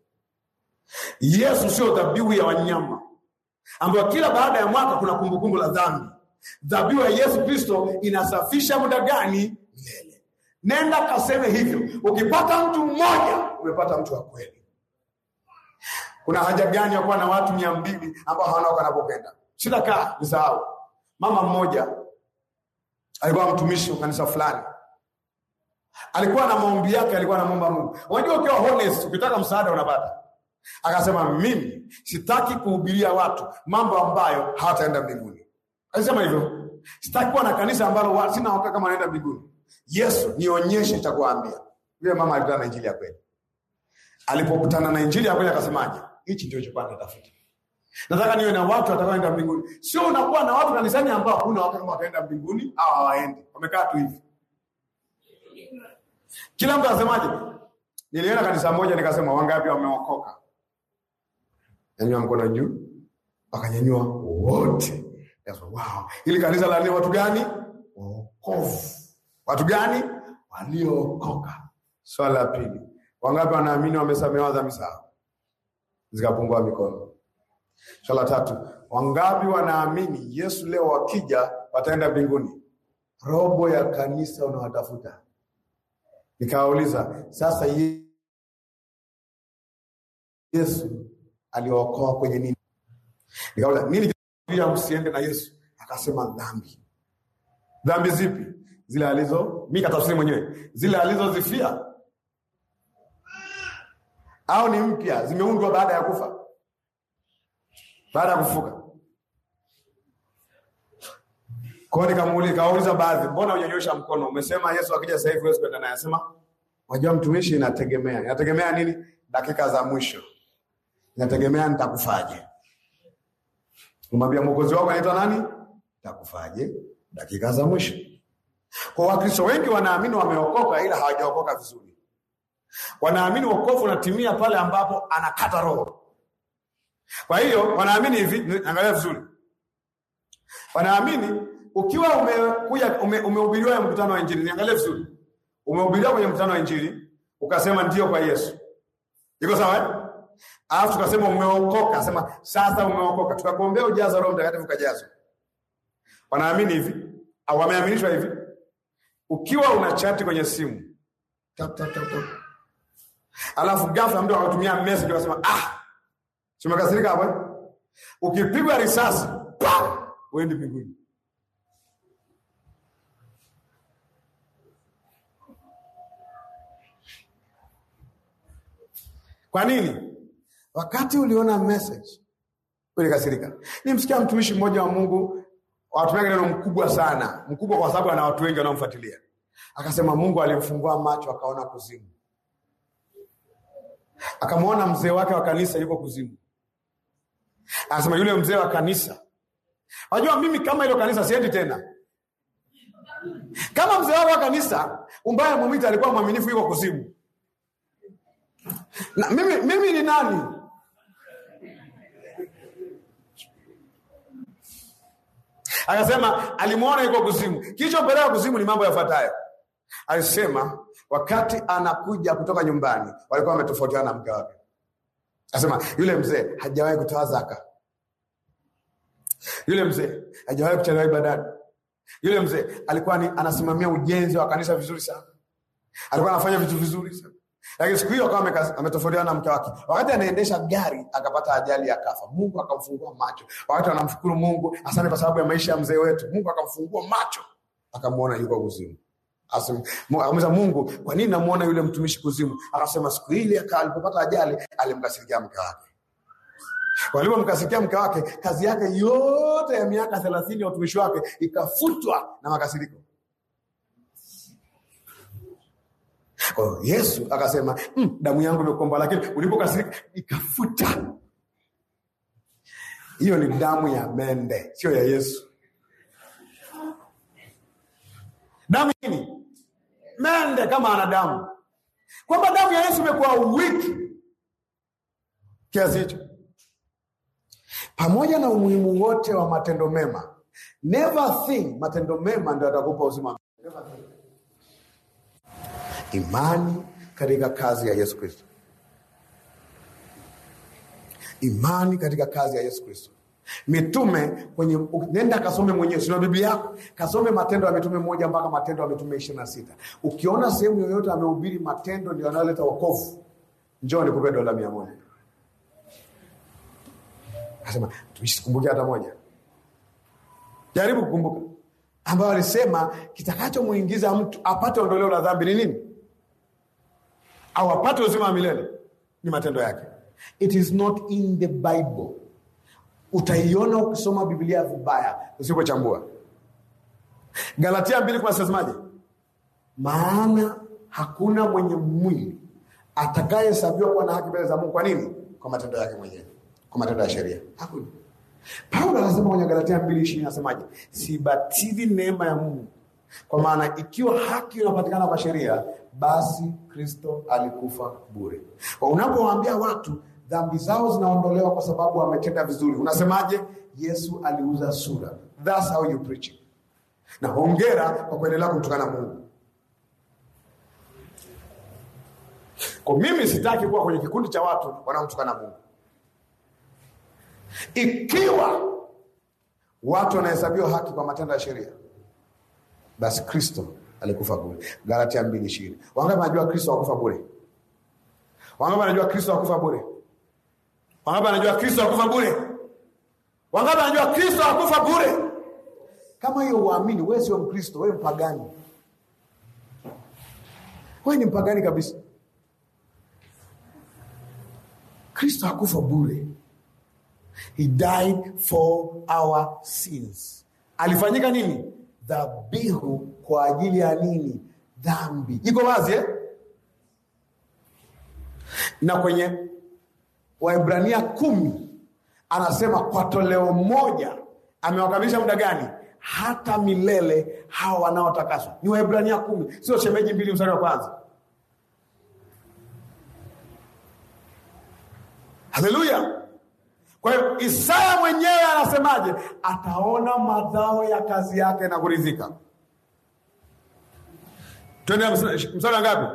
Yesu sio dhabihu ya wanyama ambayo kila baada ya mwaka kuna kumbukumbu la dhambi. Dhabihu ya Yesu Kristo inasafisha muda gani? Milele. Nenda kaseme hivyo. Ukipata mtu mmoja, umepata mtu wa kweli. Kuna haja gani ya kuwa na watu mia mbili ambao hawana wanapopenda? Shida kaa nisahau. Mama mmoja alikuwa mtumishi wa kanisa fulani, alikuwa na maombi yake, alikuwa anamuomba Mungu. Unajua, ukiwa honest, ukitaka msaada unapata. Akasema, mimi sitaki kuhubiria watu mambo ambayo hawataenda mbinguni. Alisema hivyo, sitaki kuwa na kanisa ambalo sina hakika kama naenda mbinguni Yesu, nionyeshe nitakwambia. Yule mama alikuwa na injili ya kweli. Alipokutana na injili ya kweli akasemaje? Hichi ndio chokuwa nitafuta. Nataka niwe na watu watakaoenda mbinguni. Sio unakuwa na watu kanisani ambao kuna watu kama wataenda mbinguni au hawaendi. Wamekaa tu hivi. Kila mtu anasemaje? Nilienda kanisa moja nikasema wangapi wameokoka? Nyanyua mkono juu. Wakanyanyua wote. Wow. Ili kanisa la leo watu gani? Wokovu. Oh, Watu gani? Waliookoka. Swala la pili, wangapi wanaamini wamesamehewa dhambi zao zikapungua mikono? Swala la tatu, wangapi wanaamini Yesu leo wakija wataenda mbinguni? Robo ya kanisa unawatafuta. Nikawauliza, sasa Yesu aliwaokoa kwenye nini? Nikauliza, nini msiende na Yesu? Akasema dhambi. Dhambi zipi? zile alizo mi katafsiri mwenyewe zile alizozifia au ni mpya zimeundwa baada ya kufa baada ya kufuka kwao. kauliza baadhi, mbona unyonyosha mkono? Umesema Yesu akija sasa hivi Yesu kwenda naye. Anasema wajua mtumishi, inategemea inategemea nini, dakika za mwisho, inategemea nitakufaje. Umwambia mwokozi wako anaitwa nani, nitakufaje dakika za mwisho. Kwa Wakristo wengi wanaamini wameokoka, ila hawajaokoka vizuri. Wanaamini wokovu unatimia pale ambapo anakata roho. Kwa hiyo wanaamini hivi, angalia vizuri, wanaamini ukiwa umekuja umehubiriwa ume mkutano wa Injili, niangalie vizuri, umehubiriwa kwenye mkutano wa Injili ukasema ndio kwa Yesu, iko sawa? Eh? Alafu tukasema umeokoka, sema sasa umeokoka, tukakuombea ujaza Roho Mtakatifu, ukajazwa. Wanaamini hivi au wameaminishwa hivi ukiwa una chati kwenye simu tap, tap, tap, tap. Alafu ghafla mtu akatumia message akasema ah, tumekasirika hapo. Ukipigwa risasi pa uende mbinguni. Kwa nini? Wakati uliona message ulikasirika. Nimsikia mtumishi mmoja wa Mungu wanatumia neno mkubwa sana, mkubwa kwa sababu ana watu wengi wanaomfuatilia. Akasema Mungu alimfungua macho akaona kuzimu, akamwona mzee wake wa kanisa yuko kuzimu. Akasema yule mzee wa kanisa, wajua mimi kama ilo kanisa siendi tena. Kama mzee wake wa kanisa umbaya mumita alikuwa mwaminifu, yuko kuzimu, na mimi, mimi ni nani? Akasema alimwona yuko kuzimu. Kilichompeleka kuzimu ni mambo yafuatayo. Alisema wakati anakuja kutoka nyumbani walikuwa wametofautiana na mke wake. Asema yule mzee hajawahi kutoa zaka, yule mzee hajawahi kuchelewa ibadani, yule mzee alikuwa ni, anasimamia ujenzi wa kanisa vizuri sana, alikuwa anafanya vitu vizuri sana lakini siku hiyo akawa ametofautiana na mke wake. Wakati anaendesha gari akapata ajali akafa, Mungu akamfungua macho. Wakati anamshukuru Mungu, asante kwa sababu ya maisha ya mzee wetu, Mungu akamfungua macho akamwona yuko kuzimu. Akamuuliza Mungu, kwa nini namuona yule mtumishi kuzimu? Akasema siku ile alipopata ajali alimkasirikia mke wake. Walipomkasirikia mke wake, kazi yake yote ya miaka thelathini ya utumishi wake ikafutwa na makasiriko. Kwa hiyo Yesu akasema mm, damu yangu imekomba, lakini ulipokasirika ikafuta. Hiyo ni damu ya mende, sio ya Yesu. Damu nini? Mende kama ana damu, kwamba damu ya Yesu imekuwa wiki kiasi hicho. Pamoja na umuhimu wote wa matendo mema, never think matendo mema ndio atakupa uzima. Never think imani katika kazi ya Yesu Kristo, imani katika kazi ya Yesu Kristo. Mitume kwenye, nenda kasome mwenyewe, sina Biblia yako, kasome Matendo ya Mitume moja mpaka Matendo ya Mitume ishirini na sita. Ukiona sehemu yoyote amehubiri matendo ndio yanayoleta wokovu, njoo nikupe dola mia moja. Asema tusikumbuke hata moja, jaribu kukumbuka, ambayo alisema kitakachomwingiza mtu apate ondoleo la dhambi ni nini? awapate apate uzima wa milele ni matendo yake. It is not in the Bible. Utaiona ukisoma Biblia vibaya usipochambua. Galatia mbili kumi nasemaje? Maana hakuna mwenye mwili atakayehesabiwa kuwa na haki mbele za Mungu. Kwa nini? Kwa matendo yake mwenyewe, kwa matendo ya sheria hakuna. Paulo anasema kwenye Galatia mbili ishirini anasemaje? Sibatili neema ya Mungu, kwa maana ikiwa haki inapatikana kwa sheria, basi Kristo alikufa bure. Kwa unapowaambia watu dhambi zao zinaondolewa kwa sababu wametenda vizuri, unasemaje? Yesu aliuza sura. That's how you preach. Na hongera kwa kuendelea kumtukana Mungu. Kwa mimi sitaki kuwa kwenye kikundi cha watu wanaomtukana Mungu. Ikiwa watu wanahesabiwa haki kwa matendo ya sheria, basi Kristo alikufa bure. Galatia mbili ishirini. Wangapi wanajua Kristo hakufa bure? Wangapi wanajua Kristo hakufa bure? Wangapi wanajua Kristo hakufa bure? Wangapi wanajua Kristo hakufa bure? Kama hiyo uamini, wewe sio Mkristo, wewe mpagani. Wewe ni mpagani kabisa. Kristo akufa bure. He died for our sins. Alifanyika nini? Dhabihu kwa ajili ya nini? Dhambi iko wazi eh? na kwenye Waibrania kumi anasema kwa toleo moja amewakamilisha muda gani? Hata milele hawa wanaotakaswa. Ni Waibrania kumi, sio Shemeji mbili mstari wa kwanza. Haleluya! Kwa hiyo Isaya mwenyewe anasemaje? Ataona madhao ya kazi yake na kuridhika. Twende msala ngapi?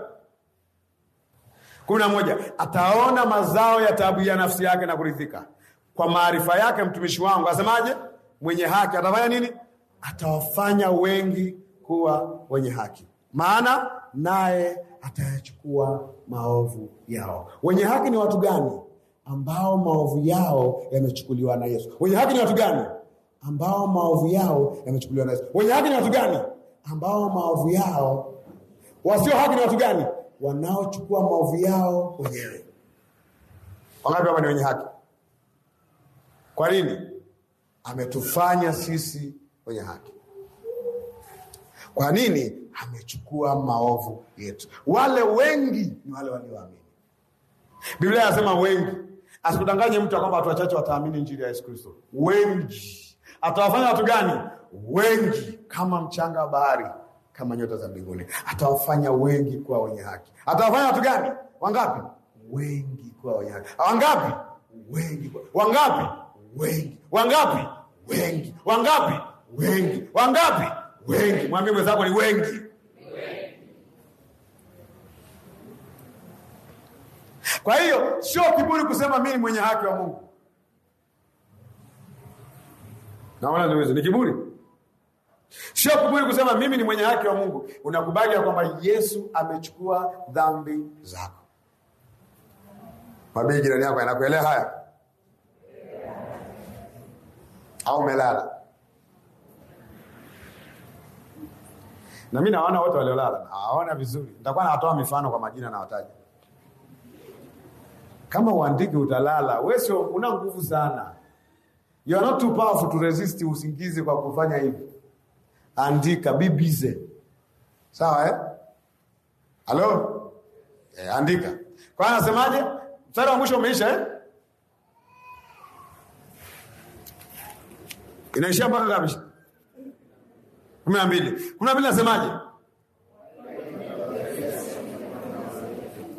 kumi na moja. Ataona mazao ya taabu ya nafsi yake na kuridhika kwa maarifa yake. Mtumishi wangu asemaje? Mwenye haki atafanya nini? Atawafanya wengi kuwa wenye haki, maana naye atayachukua maovu yao. Wenye haki ni watu gani? Ambao maovu yao yamechukuliwa na Yesu. Wenye haki ni watu gani? Ambao maovu yao yamechukuliwa na Yesu. Wenye haki ni watu gani? Ambao maovu yao Wasio haki ni watu gani? Wanaochukua maovu yao wenyewe. Wangapi hapa ni wenye haki? Kwa nini ametufanya sisi wenye haki? Kwa nini amechukua maovu yetu? Wale wengi ni wale walioamini. Biblia inasema wengi. Asikudanganye mtu kwamba watu wachache wataamini injili ya Yesu Kristo. Wengi atawafanya watu gani? Wengi kama mchanga wa bahari kama nyota za mbinguni, atawafanya wengi kuwa wenye haki. Atawafanya watu gani? Wangapi? Wengi kuwa wenye haki. Wangapi? Wengi. Wangapi? Wengi. Wangapi? Wengi. Wangapi? Wengi. Wangapi? Wengi. Mwambie mwenzako ni wengi. Kwa hiyo sio kiburi kusema mimi ni mwenye haki wa Mungu. Naona ni kiburi Sio kuburi kusema mimi ni mwenye haki wa Mungu. Unakubali ya kwamba Yesu amechukua dhambi zako. Mwambie jirani yako anakuelewa haya au melala? Na mi nawaona wote waliolala nawaona vizuri. Nitakuwa nawatoa mifano kwa majina nawataja Kama uandiki utalala, wewe sio una nguvu sana. You are not too powerful to resist usingizi kwa kufanya hivi andika, be busy. Sawa eh? Halo? Eh, andika. Kwa hiyo anasemaje? Mstari wa mwisho umeisha eh? Inaishia mpaka ngapi? kumi na mbili. Kumi na mbili nasemaje?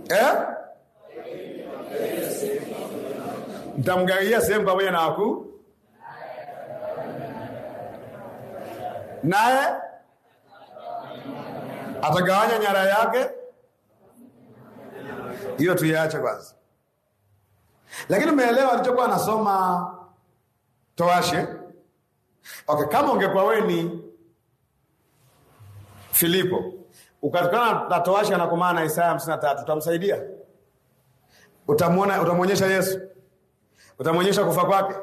Eh? Mtamgawia sehemu pamoja na wakuu naye atagawanya nyara yake. Hiyo tuyaache kwanza, lakini umeelewa alichokuwa anasoma Toashe? Okay, kama ungekuwa wewe ni Filipo ukatukana na Toashe anakumana na Isaya hamsini na tatu utamsaidia? Utamwona, utamwonyesha Yesu, utamwonyesha kufa kwake,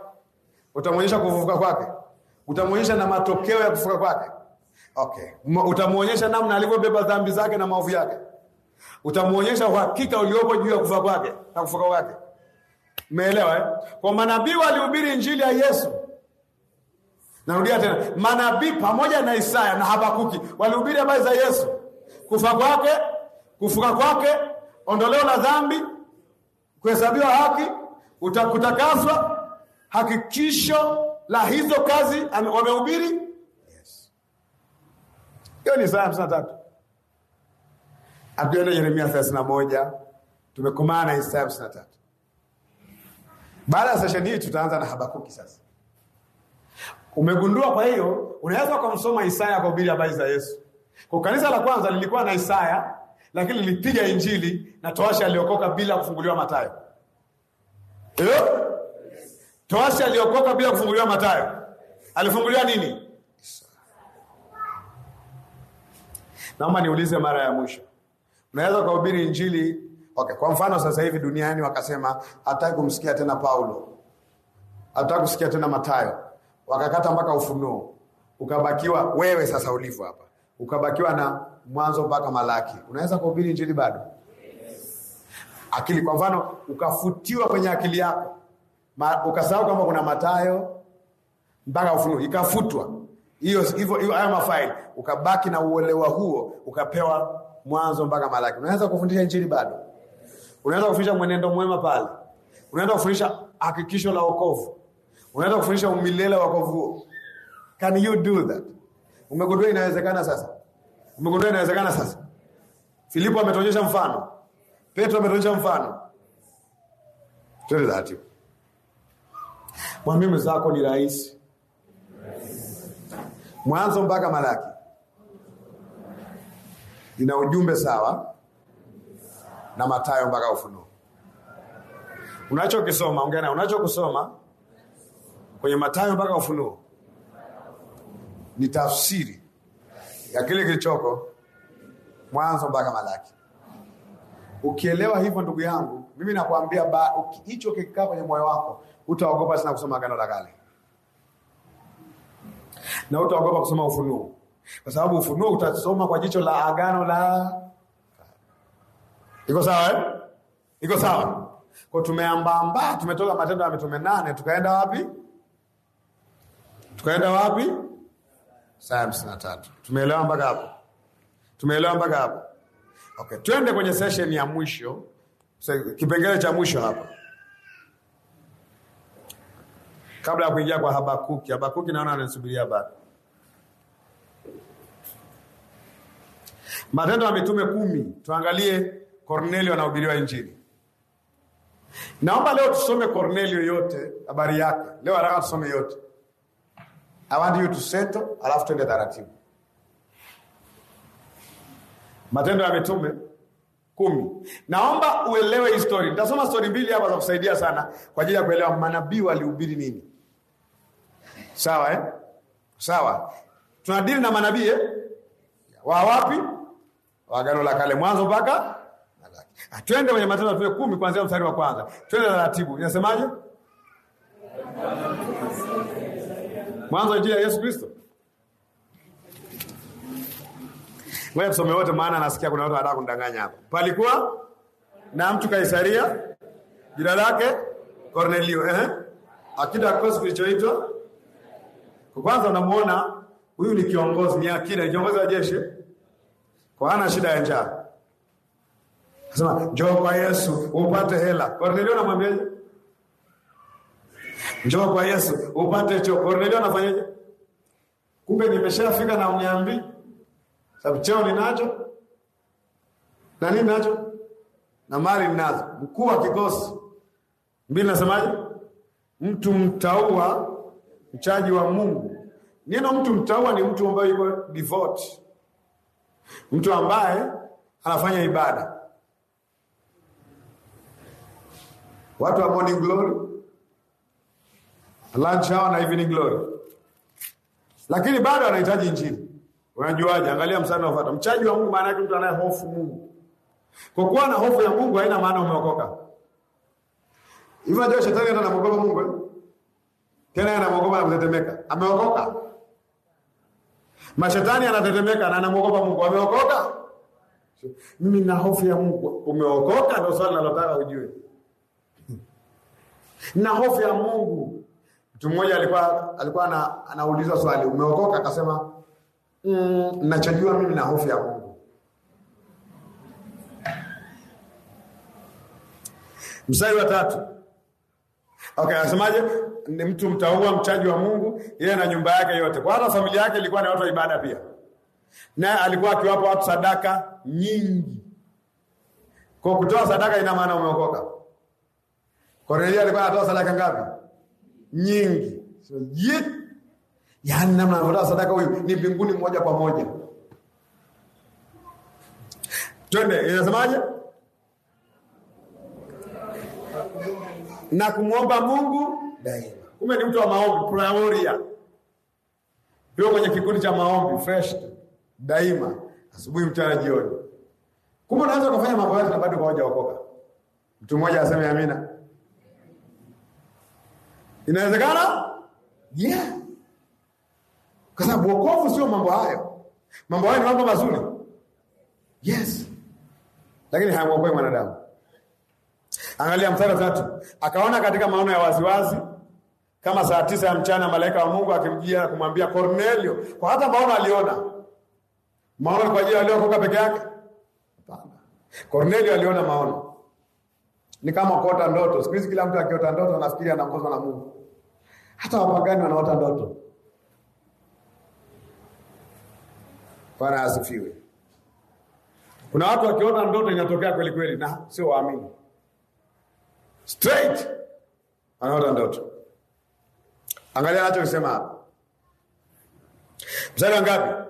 utamwonyesha kufufuka kwake utamwonyesha na matokeo ya kufuka kwake. Okay, utamwonyesha namna alivyobeba dhambi zake na maovu yake. Utamwonyesha uhakika uliopo juu ya kufa kwake na kufuka kwake. Umeelewa eh? Kwa manabii walihubiri injili ya Yesu. Narudia tena, manabii pamoja na Isaya na Habakuki walihubiri habari za Yesu, kufa kwake, kufuka kwake, ondoleo la dhambi, kuhesabiwa haki, kutakaswa, hakikisho la hizo kazi wamehubiri. Yes, hiyo ni Isaya hamsini na tatu. Akienda Yeremia thelathini na moja tumekomaa na Isaya hamsini na tatu. Baada ya sesheni hii tutaanza na Habakuki sasa. Umegundua, kwa hiyo unaweza ukamsoma Isaya kwa ubiri habari za Yesu. Kwa kanisa la kwanza lilikuwa na Isaya lakini lilipiga Injili na toasha aliokoka bila kufunguliwa Mathayo. Toasi aliokoka bila kufunguliwa Mathayo, alifunguliwa nini? Naomba niulize mara ya mwisho, unaweza kuhubiri Injili okay. Kwa mfano sasa hivi duniani wakasema hataki kumsikia tena Paulo, hataki kusikia tena Mathayo, wakakata mpaka Ufunuo, ukabakiwa wewe sasa ulivyo hapa, ukabakiwa na Mwanzo mpaka Malaki. Unaweza kuhubiri Injili bado? Akili, kwa mfano ukafutiwa kwenye akili yako Ma, ukasahau kwamba kuna Matayo mpaka Ufunuo ikafutwa hiyo hivyo hiyo, hayo mafaili ukabaki na uelewa huo, ukapewa Mwanzo mpaka Malaki. Unaweza kufundisha injili bado, unaweza kufundisha mwenendo mwema pale, unaweza kufundisha hakikisho la wokovu, unaweza kufundisha umilele wa wokovu. Can you do that? Umegundua inawezekana sasa, umegundua inawezekana sasa. Filipo ametuonyesha mfano, Petro ametuonyesha mfano, twende taratibu mimi zako ni rahisi. Mwanzo mpaka Malaki ina ujumbe sawa na matayo mpaka Ufunuo. Unachokisoma ungena, unachokusoma kwenye matayo mpaka Ufunuo ni tafsiri ya kile kilichoko Mwanzo mpaka Malaki. Ukielewa hivyo, ndugu yangu, mimi nakwambia hicho kikikaa kwenye moyo wako, utaogopa sana kusoma Agano la Kale na utaogopa kusoma Ufunuo kwa sababu Ufunuo utasoma kwa jicho la Agano la iko sawa eh? iko sawa kwa tumeambamba, tumetoka Matendo ya Mitume nane tukaenda wapi? Tukaenda wapi? Saa hamsini na tatu. Tumeelewa mpaka hapo? Tumeelewa mpaka hapo? Okay, twende kwenye session ya mwisho, kipengele cha mwisho hapa. kabla ya kuingia kwa Habakuki. Habakuki naona anasubiria bado. Matendo ya Mitume kumi, tuangalie Kornelio anahubiriwa Injili. Naomba leo tusome Kornelio yote, habari yake leo, haraka tusome yote. I want you to settle, alafu tuende taratibu. Matendo ya Mitume kumi. Naomba uelewe hii story. Nitasoma story mbili hapa za kusaidia sana kwa ajili ya kuelewa manabii walihubiri nini. Sawa eh? Sawa, tunadili na manabii eh? wa wapi? wa Agano la Kale, Mwanzo mpaka twende kwenye Matendo ya kumi kuanzia mstari wa kwanza, twende taratibu. Inasemaje? Mwanzo wa Injili ya Yesu Kristo. Ngoja tusome wote, maana nasikia kuna watu wanataka kundanganya hapa. Palikuwa na mtu Kaisaria, jina lake Kornelio, eh, akida kikosi kilichoitwa kwanza unamuona huyu ni kiongozi, ni akida, ni kiongozi wa jeshi, kwa ana shida ya njaa. Anasema njoo kwa Yesu upate hela. Kornelio anamwambiaje? Njoo kwa Yesu upate cheo. Kornelio anafanyaje? Kumbe nimeshafika na uniambi, sababu cheo ninacho na nini nacho na mali ninazo, mkuu wa kikosi mbili. Nasemaje? mtu mtaua mchaji wa Mungu. Neno mtu mtaua ni mtu ambaye yuko devote, mtu ambaye anafanya ibada. Watu wa morning glory, lunch hour na evening glory, lakini bado anahitaji injili. Unajuaje? Angalia mstari unaofuata. Mchaji wa Mungu maana yake mtu anayehofu Mungu. Kwa kuwa na hofu ya Mungu haina maana umeokoka. Hivyo ndio shetani hata Mungu. Eh? tena anamwogopa na kutetemeka. Ameokoka? Mashetani anatetemeka na anamwogopa Mungu. Ameokoka? Mimi na hofu ya Mungu. Umeokoka? Ndio swali nalotaka ujue. <laughs> na hofu ya Mungu. Mtu mmoja alikuwa alikuwa ana, anauliza swali, umeokoka? Akasema mm, nachojua mimi na hofu ya Mungu. Mstari wa tatu Okay, anasemaje? Ni mtu mtaua mchaji wa Mungu, yeye na nyumba yake yote. Kwa hata familia yake ilikuwa na watu wa ibada pia, naye alikuwa akiwapa watu sadaka nyingi. Kwa kutoa sadaka ina maana umeokoka. Kornelio alikuwa anatoa sadaka ngapi? Nyingi. So, yit. Yaani namna anatoa sadaka huyu ni mbinguni moja kwa moja. Twende, inasemaje? na kumwomba Mungu daima. Kumbe ni mtu wa maombi praoria, yuko kwenye kikundi cha maombi fresh daima, asubuhi, mchana, jioni. Kumbe unaweza kufanya mambo yote na bado hujaokoka. Mtu mmoja aseme amina, inawezekana yeah. Kwa sababu wokovu sio mambo hayo. Mambo hayo ni mambo mazuri yes, lakini hayamwokoi mwanadamu. Angalia mstari wa tatu. Akaona katika maono ya waziwazi kama saa tisa ya mchana malaika wa Mungu akimjia na kumwambia Kornelio. Kwa hata maono aliona. Maono kwa ajili aliokoka peke yake? Hapana. Kornelio aliona maono. Ni kama kuota ndoto. Siku hizi kila mtu akiota ndoto anafikiri anaongozwa na Mungu. Hata wapagani wanaota ndoto. Bwana asifiwe. Kuna watu wakiona ndoto inatokea kweli kweli na sio waamini straight, anaota ndoto. Angalia anachokisema hapa, mstari wangapi?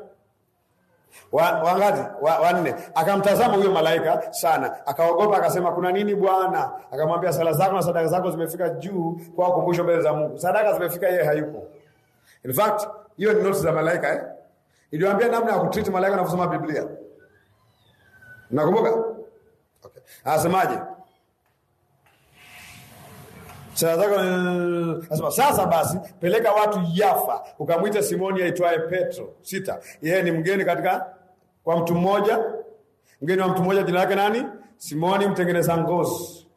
wa, Wanne. Akamtazama huyo malaika sana, akaogopa, akasema kuna nini Bwana? Akamwambia, sala zako na sadaka zako zimefika juu kwa ukumbusho mbele za Mungu. Sadaka zimefika, yeye hayupo. In fact hiyo ni notes za malaika eh? Iliwambia namna ya kutreat malaika na kusoma Biblia. Nakumbuka? Okay. Anasemaje? Sala zako nasema sasa basi, peleka watu Yafa, ukamwita Simoni aitwaye Petro. Sita, yeye ni mgeni katika kwa mtu mmoja, mgeni wa mtu mmoja, jina lake nani? Simoni mtengeneza ngozi,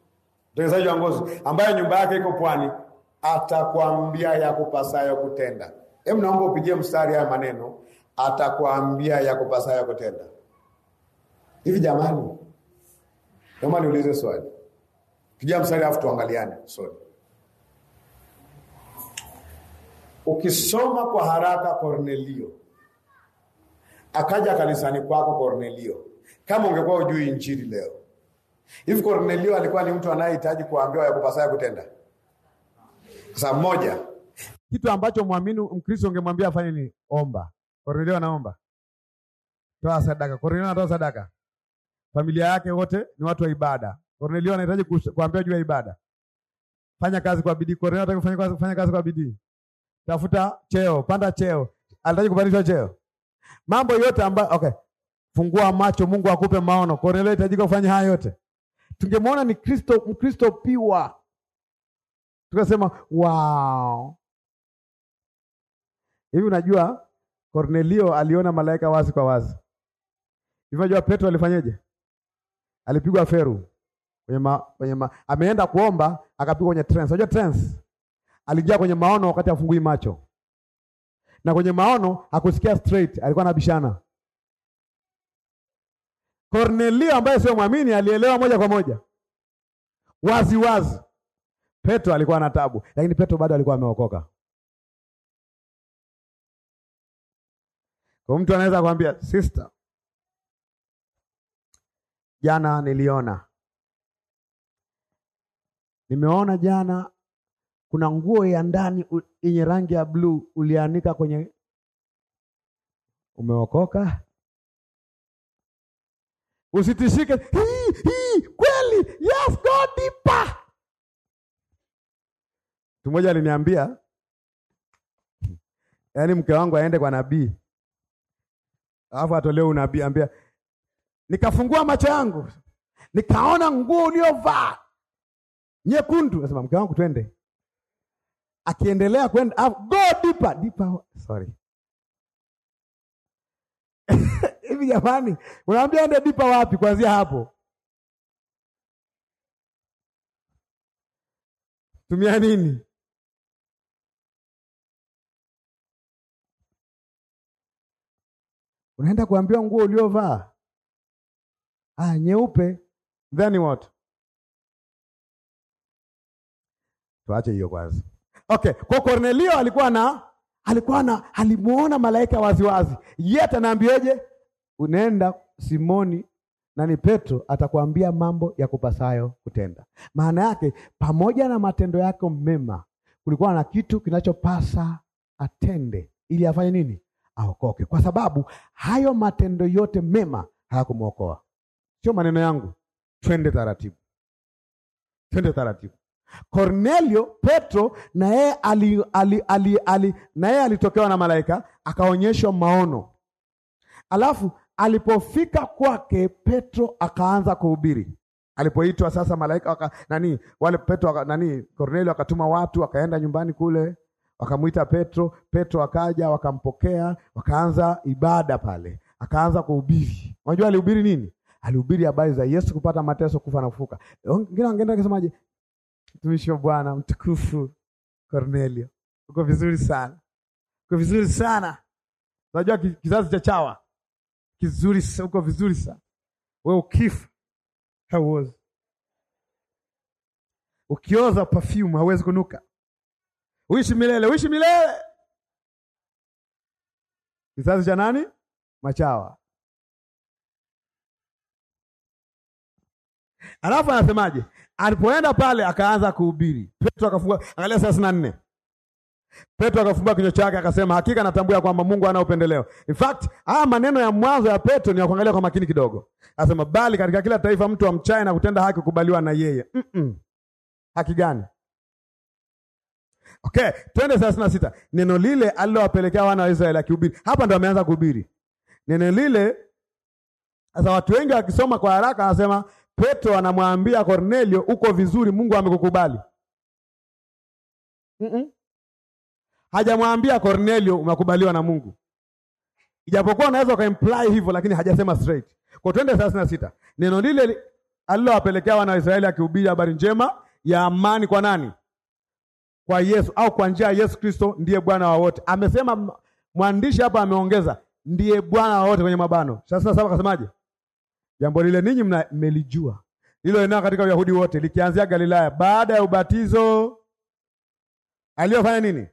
mtengenezaji wa ngozi, ambaye nyumba yake iko pwani, atakwambia yakupasayo kutenda. Hebu naomba upigie mstari haya maneno, atakwambia yakupasayo kutenda. Hivi jamani, jamani, niulize swali, pigia mstari afu tuangaliane. Sorry. Ukisoma kwa haraka Kornelio akaja kanisani kwako Kornelio, kama ungekuwa ujui injili leo hivi, Kornelio alikuwa ni mtu anayehitaji kuambiwa ya kupasaya kutenda. Sasa moja kitu ambacho mwamini Mkristo ungemwambia afanye ni omba. Kornelio anaomba, toa sadaka. Kornelio anatoa sadaka, familia yake wote ni watu wa ibada. Kornelio anahitaji kuambiwa juu ya ibada, fanya kazi kwa bidii. Kornelio anataka kufanya kazi kwa bidii tafuta cheo, panda cheo. Alitaka kupandishwa cheo, mambo yote ambayo okay. Fungua macho, Mungu akupe maono. Kornelio alihitajika kufanya haya yote. Tungemwona ni Kristo, Mkristo piwa, tukasema wow. Hivi unajua Kornelio aliona malaika wazi kwa wazi. Hivi unajua Petro alifanyaje? Alipigwa feru kwenye ma, kwenye, ma, ameenda kuomba akapigwa kwenye trance. Unajua trance alijaa kwenye maono wakati afungui macho, na kwenye maono hakusikia straight, alikuwa anabishana. Kornelio ambaye sio mwamini alielewa moja kwa moja wazi wazi. Petro alikuwa na tabu, lakini Petro bado alikuwa ameokoka. Kwa mtu anaweza kuambia sister, jana niliona, nimeona jana kuna nguo ya ndani yenye rangi ya bluu ulianika kwenye. Umeokoka, usitishike. Hii hii kweli, yes go deeper. Mtu mmoja aliniambia, yaani mke wangu aende kwa nabii alafu atolee unabii, ambia nikafungua macho yangu nikaona nguo uliovaa nyekundu. Nasema mke wangu, twende akiendelea kwenda ah, go deeper, deeper, sorry <laughs> hivi jamani, unaambia ende dipa wapi? Kuanzia hapo tumia nini? Unaenda kuambiwa nguo uliovaa ah, nyeupe, then what? Tuache hiyo kwanza. Okay, kwa Kornelio alikuwa na alikuwa na alimuona malaika waziwazi. Yeye atanaambieje? Unaenda Simoni nani Petro atakwambia mambo ya kupasayo kutenda. Maana yake pamoja na matendo yako mema kulikuwa na kitu kinachopasa atende ili afanye nini? Aokoke. Kwa sababu hayo matendo yote mema hayakumwokoa. Sio maneno yangu. Twende taratibu. Twende taratibu. Kornelio Petro na yeye ali, ali, ali, ali, na yeye alitokewa na malaika akaonyeshwa maono, alafu alipofika kwake Petro akaanza kuhubiri. Alipoitwa sasa malaika waka, nani wale Petro waka, nani Kornelio akatuma watu akaenda nyumbani kule wakamwita Petro. Petro akaja wakampokea, wakaanza ibada pale, akaanza kuhubiri. Unajua alihubiri nini? Alihubiri habari za Yesu kupata mateso, kufa na kufuka. Wengine wangeenda kusemaje? mtumishi wa Bwana mtukufu Cornelio, uko vizuri sana, uko vizuri sana. Unajua kizazi cha chawa kizuri, uko vizuri sana. We ukifa hauozi, ukioza perfume hauwezi kunuka. Uishi milele, uishi milele. Kizazi cha nani? Machawa. Alafu anasemaje? Alipoenda pale akaanza kuhubiri. Petro akafungua, angalia thelathini na nne. Petro akafungua kinywa chake akasema, hakika natambua kwamba Mungu ana upendeleo. In fact, haya maneno ya mwanzo ya Petro ni ya kuangalia kwa makini kidogo. Anasema, bali katika kila taifa mtu amchaye na kutenda haki kukubaliwa na yeye. Mm -mm. Haki gani? Okay, twende thelathini na sita. Neno lile alilowapelekea wana wa Israeli akihubiri. Hapa ndo ameanza kuhubiri. Neno lile sasa watu wengi wakisoma kwa haraka anasema Petro anamwambia Kornelio, uko vizuri, Mungu amekukubali. mm -mm. Hajamwambia Kornelio umekubaliwa na Mungu, ijapokuwa unaweza ukaimply hivyo, lakini hajasema straight. Kwa twende thelathini na sita, neno lile alilowapelekea wana wa Israeli akihubiri habari njema ya amani kwa nani? Kwa Yesu au kwa njia ya Yesu Kristo ndiye Bwana wa wote. Amesema mwandishi hapa, ameongeza ndiye Bwana wa wote kwenye mabano. Sasa sasa akasemaje? Jambo lile ninyi mmelijua, lililoenea katika Uyahudi wote, likianzia Galilaya baada ya ubatizo aliyofanya nini?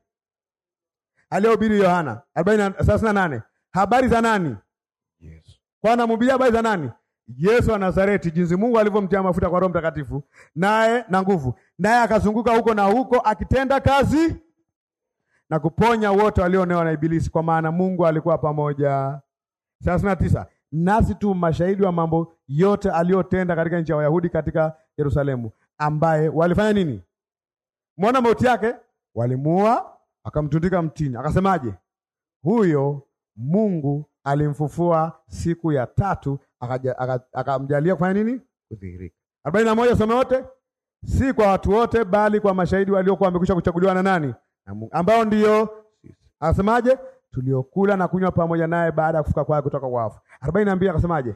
Aliyohubiri Yohana 38 habari za nani? Yesu. Kwa anamhubiria habari za nani? Yesu wa Nazareti, jinsi Mungu alivyomtia mafuta kwa Roho Mtakatifu naye na nguvu, naye akazunguka huko na huko akitenda kazi na kuponya wote walioonewa na Ibilisi, kwa maana Mungu alikuwa pamoja. 39. tisa nasi tu mashahidi wa mambo yote aliyotenda katika nchi ya Wayahudi katika Yerusalemu, ambaye walifanya nini? Mwona mauti yake, walimuua, akamtundika mtini. Akasemaje? Huyo Mungu alimfufua siku ya tatu, akamjalia kufanya nini? Kudhihirika. arobaini na moja, some wote, si kwa watu wote, bali kwa mashahidi waliokuwa wamekwisha kuchaguliwa na nani? Na Mungu, ambao ndio Akasemaje? Tuliokula na kunywa pamoja naye baada ya kufuka kwake kutoka kwa wafu arobaini na mbili akasemaje?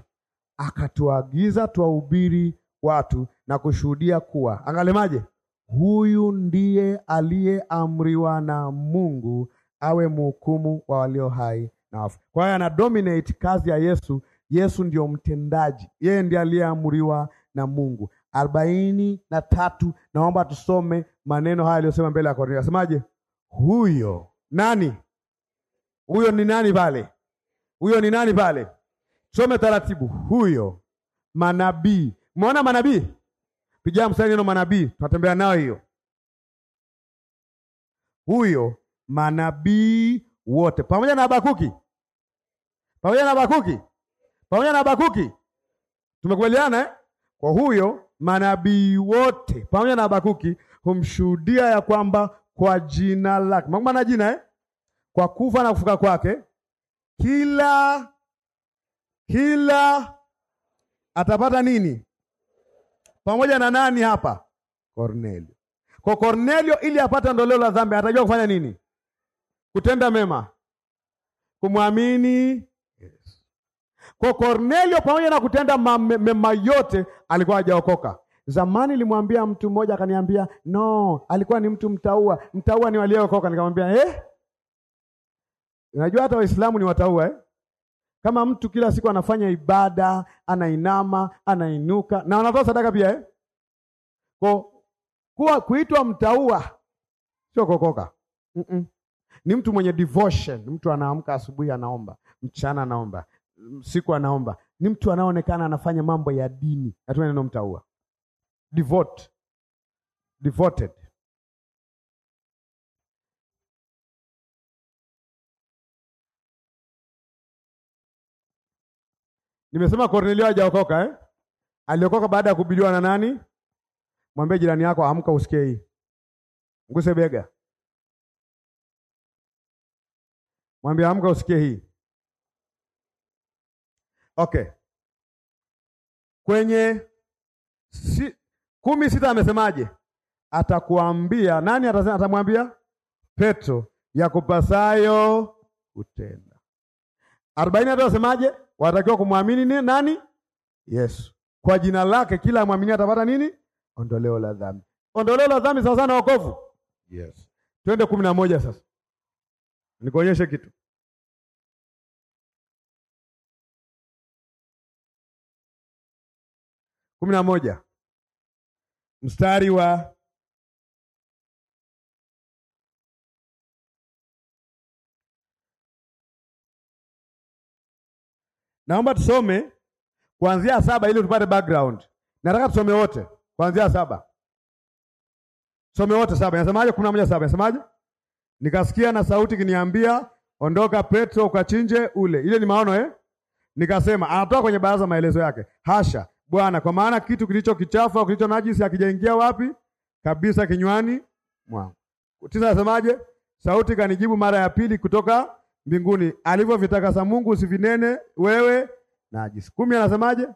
Akatuagiza tuwahubiri watu na kushuhudia kuwa, angalemaje? Huyu ndiye aliyeamriwa na Mungu awe mhukumu wa walio hai na wafu. Kwa hiyo ana dominate kazi ya Yesu. Yesu ndio mtendaji, yeye ndiye aliyeamriwa na Mungu. arobaini na tatu, naomba tusome maneno haya aliyosema mbele ya Kornelio. Asemaje? Huyo nani? Huyo ni nani pale? Huyo ni nani pale? Some taratibu huyo manabii. Umeona manabii? Pigia mstari neno manabii, tunatembea nayo hiyo. Huyo manabii wote pamoja na Habakuki, pamoja na Habakuki, pamoja na Habakuki, tumekubaliana eh? Kwa huyo manabii wote pamoja na Habakuki humshuhudia ya kwamba kwa jina lake, maana jina eh? Kwa kufa na kufuka kwake kila kila atapata nini? Pamoja na nani hapa? Kornelio. Kwa Kornelio, ili apate ondoleo la dhambi, atajua kufanya nini? Kutenda mema, kumwamini Yesu. Kwa Kornelio, pamoja na kutenda mema yote, alikuwa hajaokoka. Zamani nilimwambia mtu mmoja akaniambia, no, alikuwa ni mtu mtaua. Mtaua ni waliokoka. Nikamwambia eh, unajua hata Waislamu ni wataua eh? Kama mtu kila siku anafanya ibada, anainama, anainuka na anatoa sadaka pia eh? Kwa kuwa kuitwa mtaua sio kokoka. Mm -mm. Ni mtu mwenye devotion, mtu anaamka asubuhi anaomba, mchana anaomba, siku anaomba. Ni mtu anaonekana anafanya mambo ya dini. Natumia neno mtaua. Devote. Devoted. Nimesema Kornelio hajaokoka eh? Aliokoka baada ya kubiliwa na nani? Mwambie jirani yako amka usikie hii. Nguse bega. Mwambie amka usikie hii. Okay. Kwenye si, kumi sita amesemaje? Atakuambia nani? Atamwambia Petro, yakupasayo utenda arobaini hata wasemaje? Watakiwa kumwamini ni nani? Yesu. Kwa jina lake kila amwamini atapata nini? Ondoleo la dhambi. Ondoleo la dhambi sawa sana wokovu. Yes. Twende kumi na moja sasa. Nikuonyeshe kitu. Kumi na moja mstari wa Naomba tusome kuanzia saba ili tupate background. Nataka tusome wote kuanzia saba. Some wote saba. Nasemaje? kumi na moja saba. Nasemaje? Nikasikia na sauti kiniambia, ondoka Petro, ukachinje ule. Ile ni maono eh? Nikasema, anatoa kwenye baraza maelezo yake. Hasha, Bwana, kwa maana kitu kilicho kichafu au kilicho najisi hakijaingia wapi? Kabisa kinywani mwangu. Tisa, nasemaje? Sauti kanijibu mara ya pili kutoka mbinguni alivyovitaka alivyovitakasa Mungu usivinene wewe najisi. Kumi anasemaje?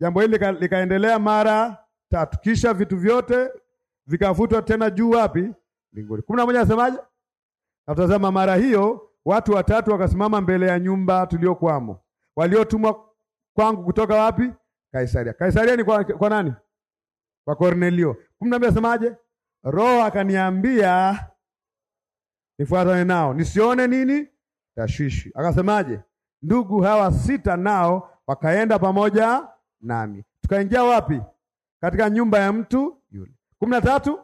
Jambo hili likaendelea lika, mara tatu, kisha vitu vyote vikafutwa tena juu wapi? Mbinguni. kumi na moja anasemaje? Na tutazama mara hiyo watu watatu wakasimama mbele ya nyumba tuliyokwamo, waliotumwa kwangu kutoka wapi? Kaisaria. Kaisaria ni kwa, kwa nani? Kwa Kornelio. kumi na mbili anasemaje? Roho akaniambia nifuatane nao nisione nini tashwishi. Akasemaje? Ndugu hawa sita nao wakaenda pamoja nami, tukaingia wapi? Katika nyumba ya mtu yule. kumi na tatu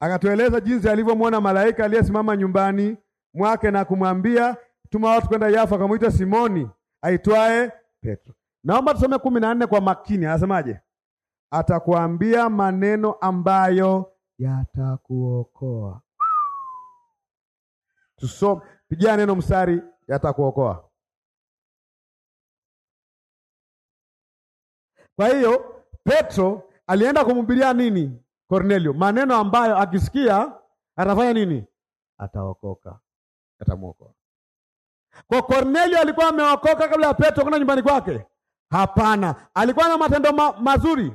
akatueleza jinsi alivyomwona malaika aliyesimama nyumbani mwake na kumwambia, tuma watu kwenda Yafa akamwita Simoni aitwaye Petro. Naomba tusome kumi na nne kwa makini. Anasemaje? Atakuambia maneno ambayo yatakuokoa. Tusome Pigia neno mstari, yatakuokoa. Kwa hiyo Petro alienda kumhubiria nini? Kornelio, maneno ambayo akisikia atafanya nini? Ataokoka, atamwokoa. Kwa Kornelio alikuwa ameokoka kabla ya Petro kwenda nyumbani kwake? Hapana, alikuwa na matendo ma mazuri.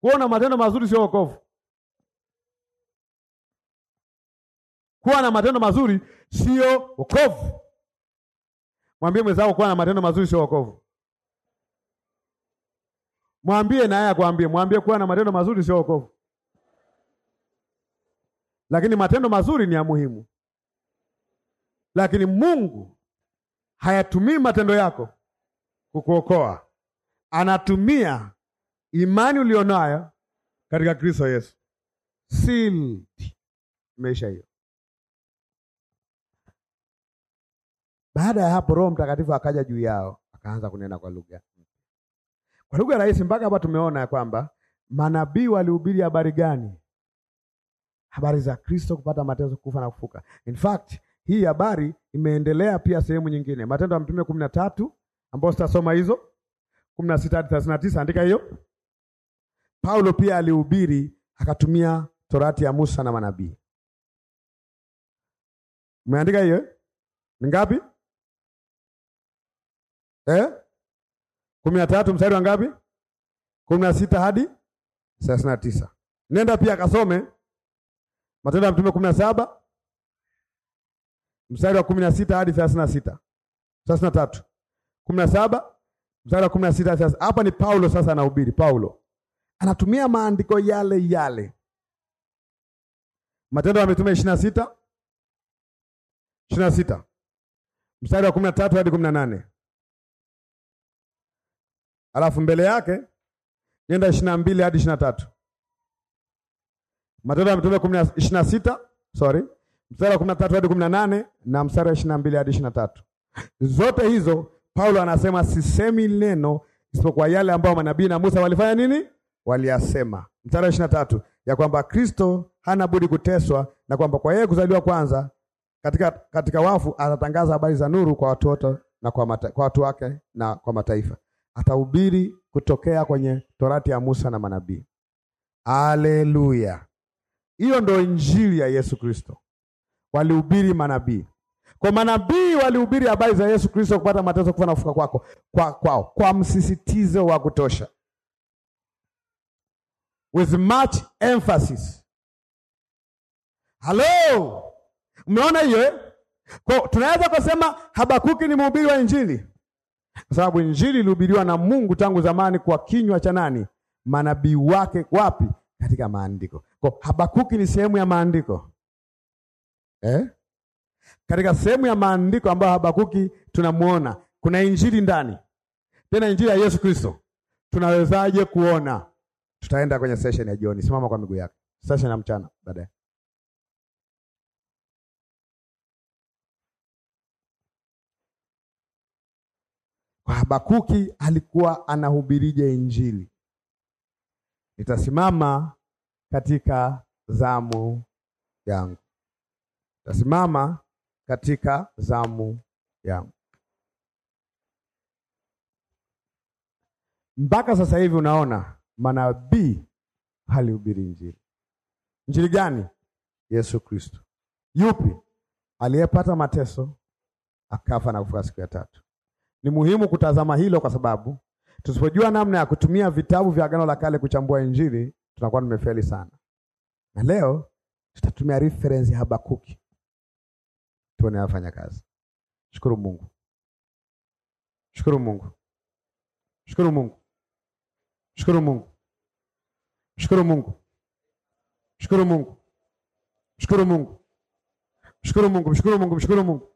Kuona matendo mazuri sio wokovu. Kuwa na matendo mazuri sio wokovu. Mwambie mwenzako kuwa na matendo mazuri sio wokovu. Mwambie naye akwambie, mwambie kuwa na matendo mazuri sio wokovu, lakini matendo mazuri ni ya muhimu. Lakini Mungu hayatumii matendo yako kukuokoa, anatumia imani ulionayo katika Kristo Yesu. Sealed. Imeisha hiyo. Baada ya hapo Roho Mtakatifu akaja juu yao, akaanza kunena kwa lugha, kwa lugha rahisi. Mpaka hapa tumeona ya kwamba manabii walihubiri habari gani? Habari za Kristo kupata mateso, kufa na kufuka. In fact hii habari imeendelea pia sehemu nyingine, Matendo ya Mtume kumi na tatu ambayo sitasoma hizo, kumi na sita hadi thelathini na tisa andika hiyo. Paulo pia alihubiri akatumia torati ya Musa na manabii. Umeandika hiyo? Eh? Ni ngapi? eh? kumi na tatu mstari wa ngapi? kumi na sita hadi thelathini na tisa. Nenda pia kasome Matendo ya Mtume kumi na saba mstari wa kumi na sita hadi thelathini na sita thelathini na tatu kumi na saba mstari wa kumi na sita Hapa ni Paulo sasa anahubiri. Paulo anatumia maandiko yale yale, Matendo ya Mitume ishirini na sita ishirini na sita mstari wa kumi na tatu hadi kumi na nane Alafu mbele yake nenda 22 hadi 23. Matendo ya Mitume 26, sorry, mstari wa 13 hadi 18 na mstari wa 22 hadi 23. Zote hizo Paulo anasema sisemi neno isipokuwa yale ambayo manabii na Musa walifanya nini? Waliyasema. Mstari wa 23 ya kwamba Kristo hana budi kuteswa na kwamba kwa yeye kuzaliwa kwanza katika, katika wafu atatangaza habari za nuru kwa watu wote na kwa, mata, kwa watu wake na kwa mataifa atahubiri kutokea kwenye torati ya Musa na manabii. Aleluya! Hiyo ndo injili ya Yesu Kristo. Walihubiri manabii kwa manabii walihubiri habari za Yesu Kristo kupata mateso, kufa na kufuka kwako kwa, kwao kwa msisitizo wa kutosha, with much emphasis. Halo, umeona hiyo? Eh? Tunaweza kusema Habakuki ni mhubiri wa injili kwa sababu injili ilihubiriwa na Mungu tangu zamani kwa kinywa cha nani? Manabii wake. Wapi? Katika maandiko. Kwa Habakuki ni sehemu ya maandiko eh? Katika sehemu ya maandiko ambayo Habakuki tunamwona kuna injili ndani, tena injili ya Yesu Kristo. Tunawezaje kuona? Tutaenda kwenye session ya jioni. Simama kwa miguu yako, session ya mchana baadaye. Kwa Habakuki alikuwa anahubirije Injili? Nitasimama katika zamu yangu, nitasimama katika zamu yangu. Mpaka sasa hivi unaona manabii alihubiri Injili. Injili gani? Yesu Kristo. Yupi? Aliyepata mateso, akafa na kufufuka siku ya tatu. Ni muhimu kutazama hilo, kwa sababu tusipojua namna ya kutumia vitabu vya Agano la Kale kuchambua Injili tunakuwa tumefeli sana, na leo tutatumia reference ya Habakuki tuone afanya kazi. Shukuru Mungu, shukuru Mungu, shukuru Mungu, shukuru Mungu, shukuru Mungu, shukuru Mungu, shukuru Mungu, shukuru Mungu, shukuru Mungu, shukuru Mungu.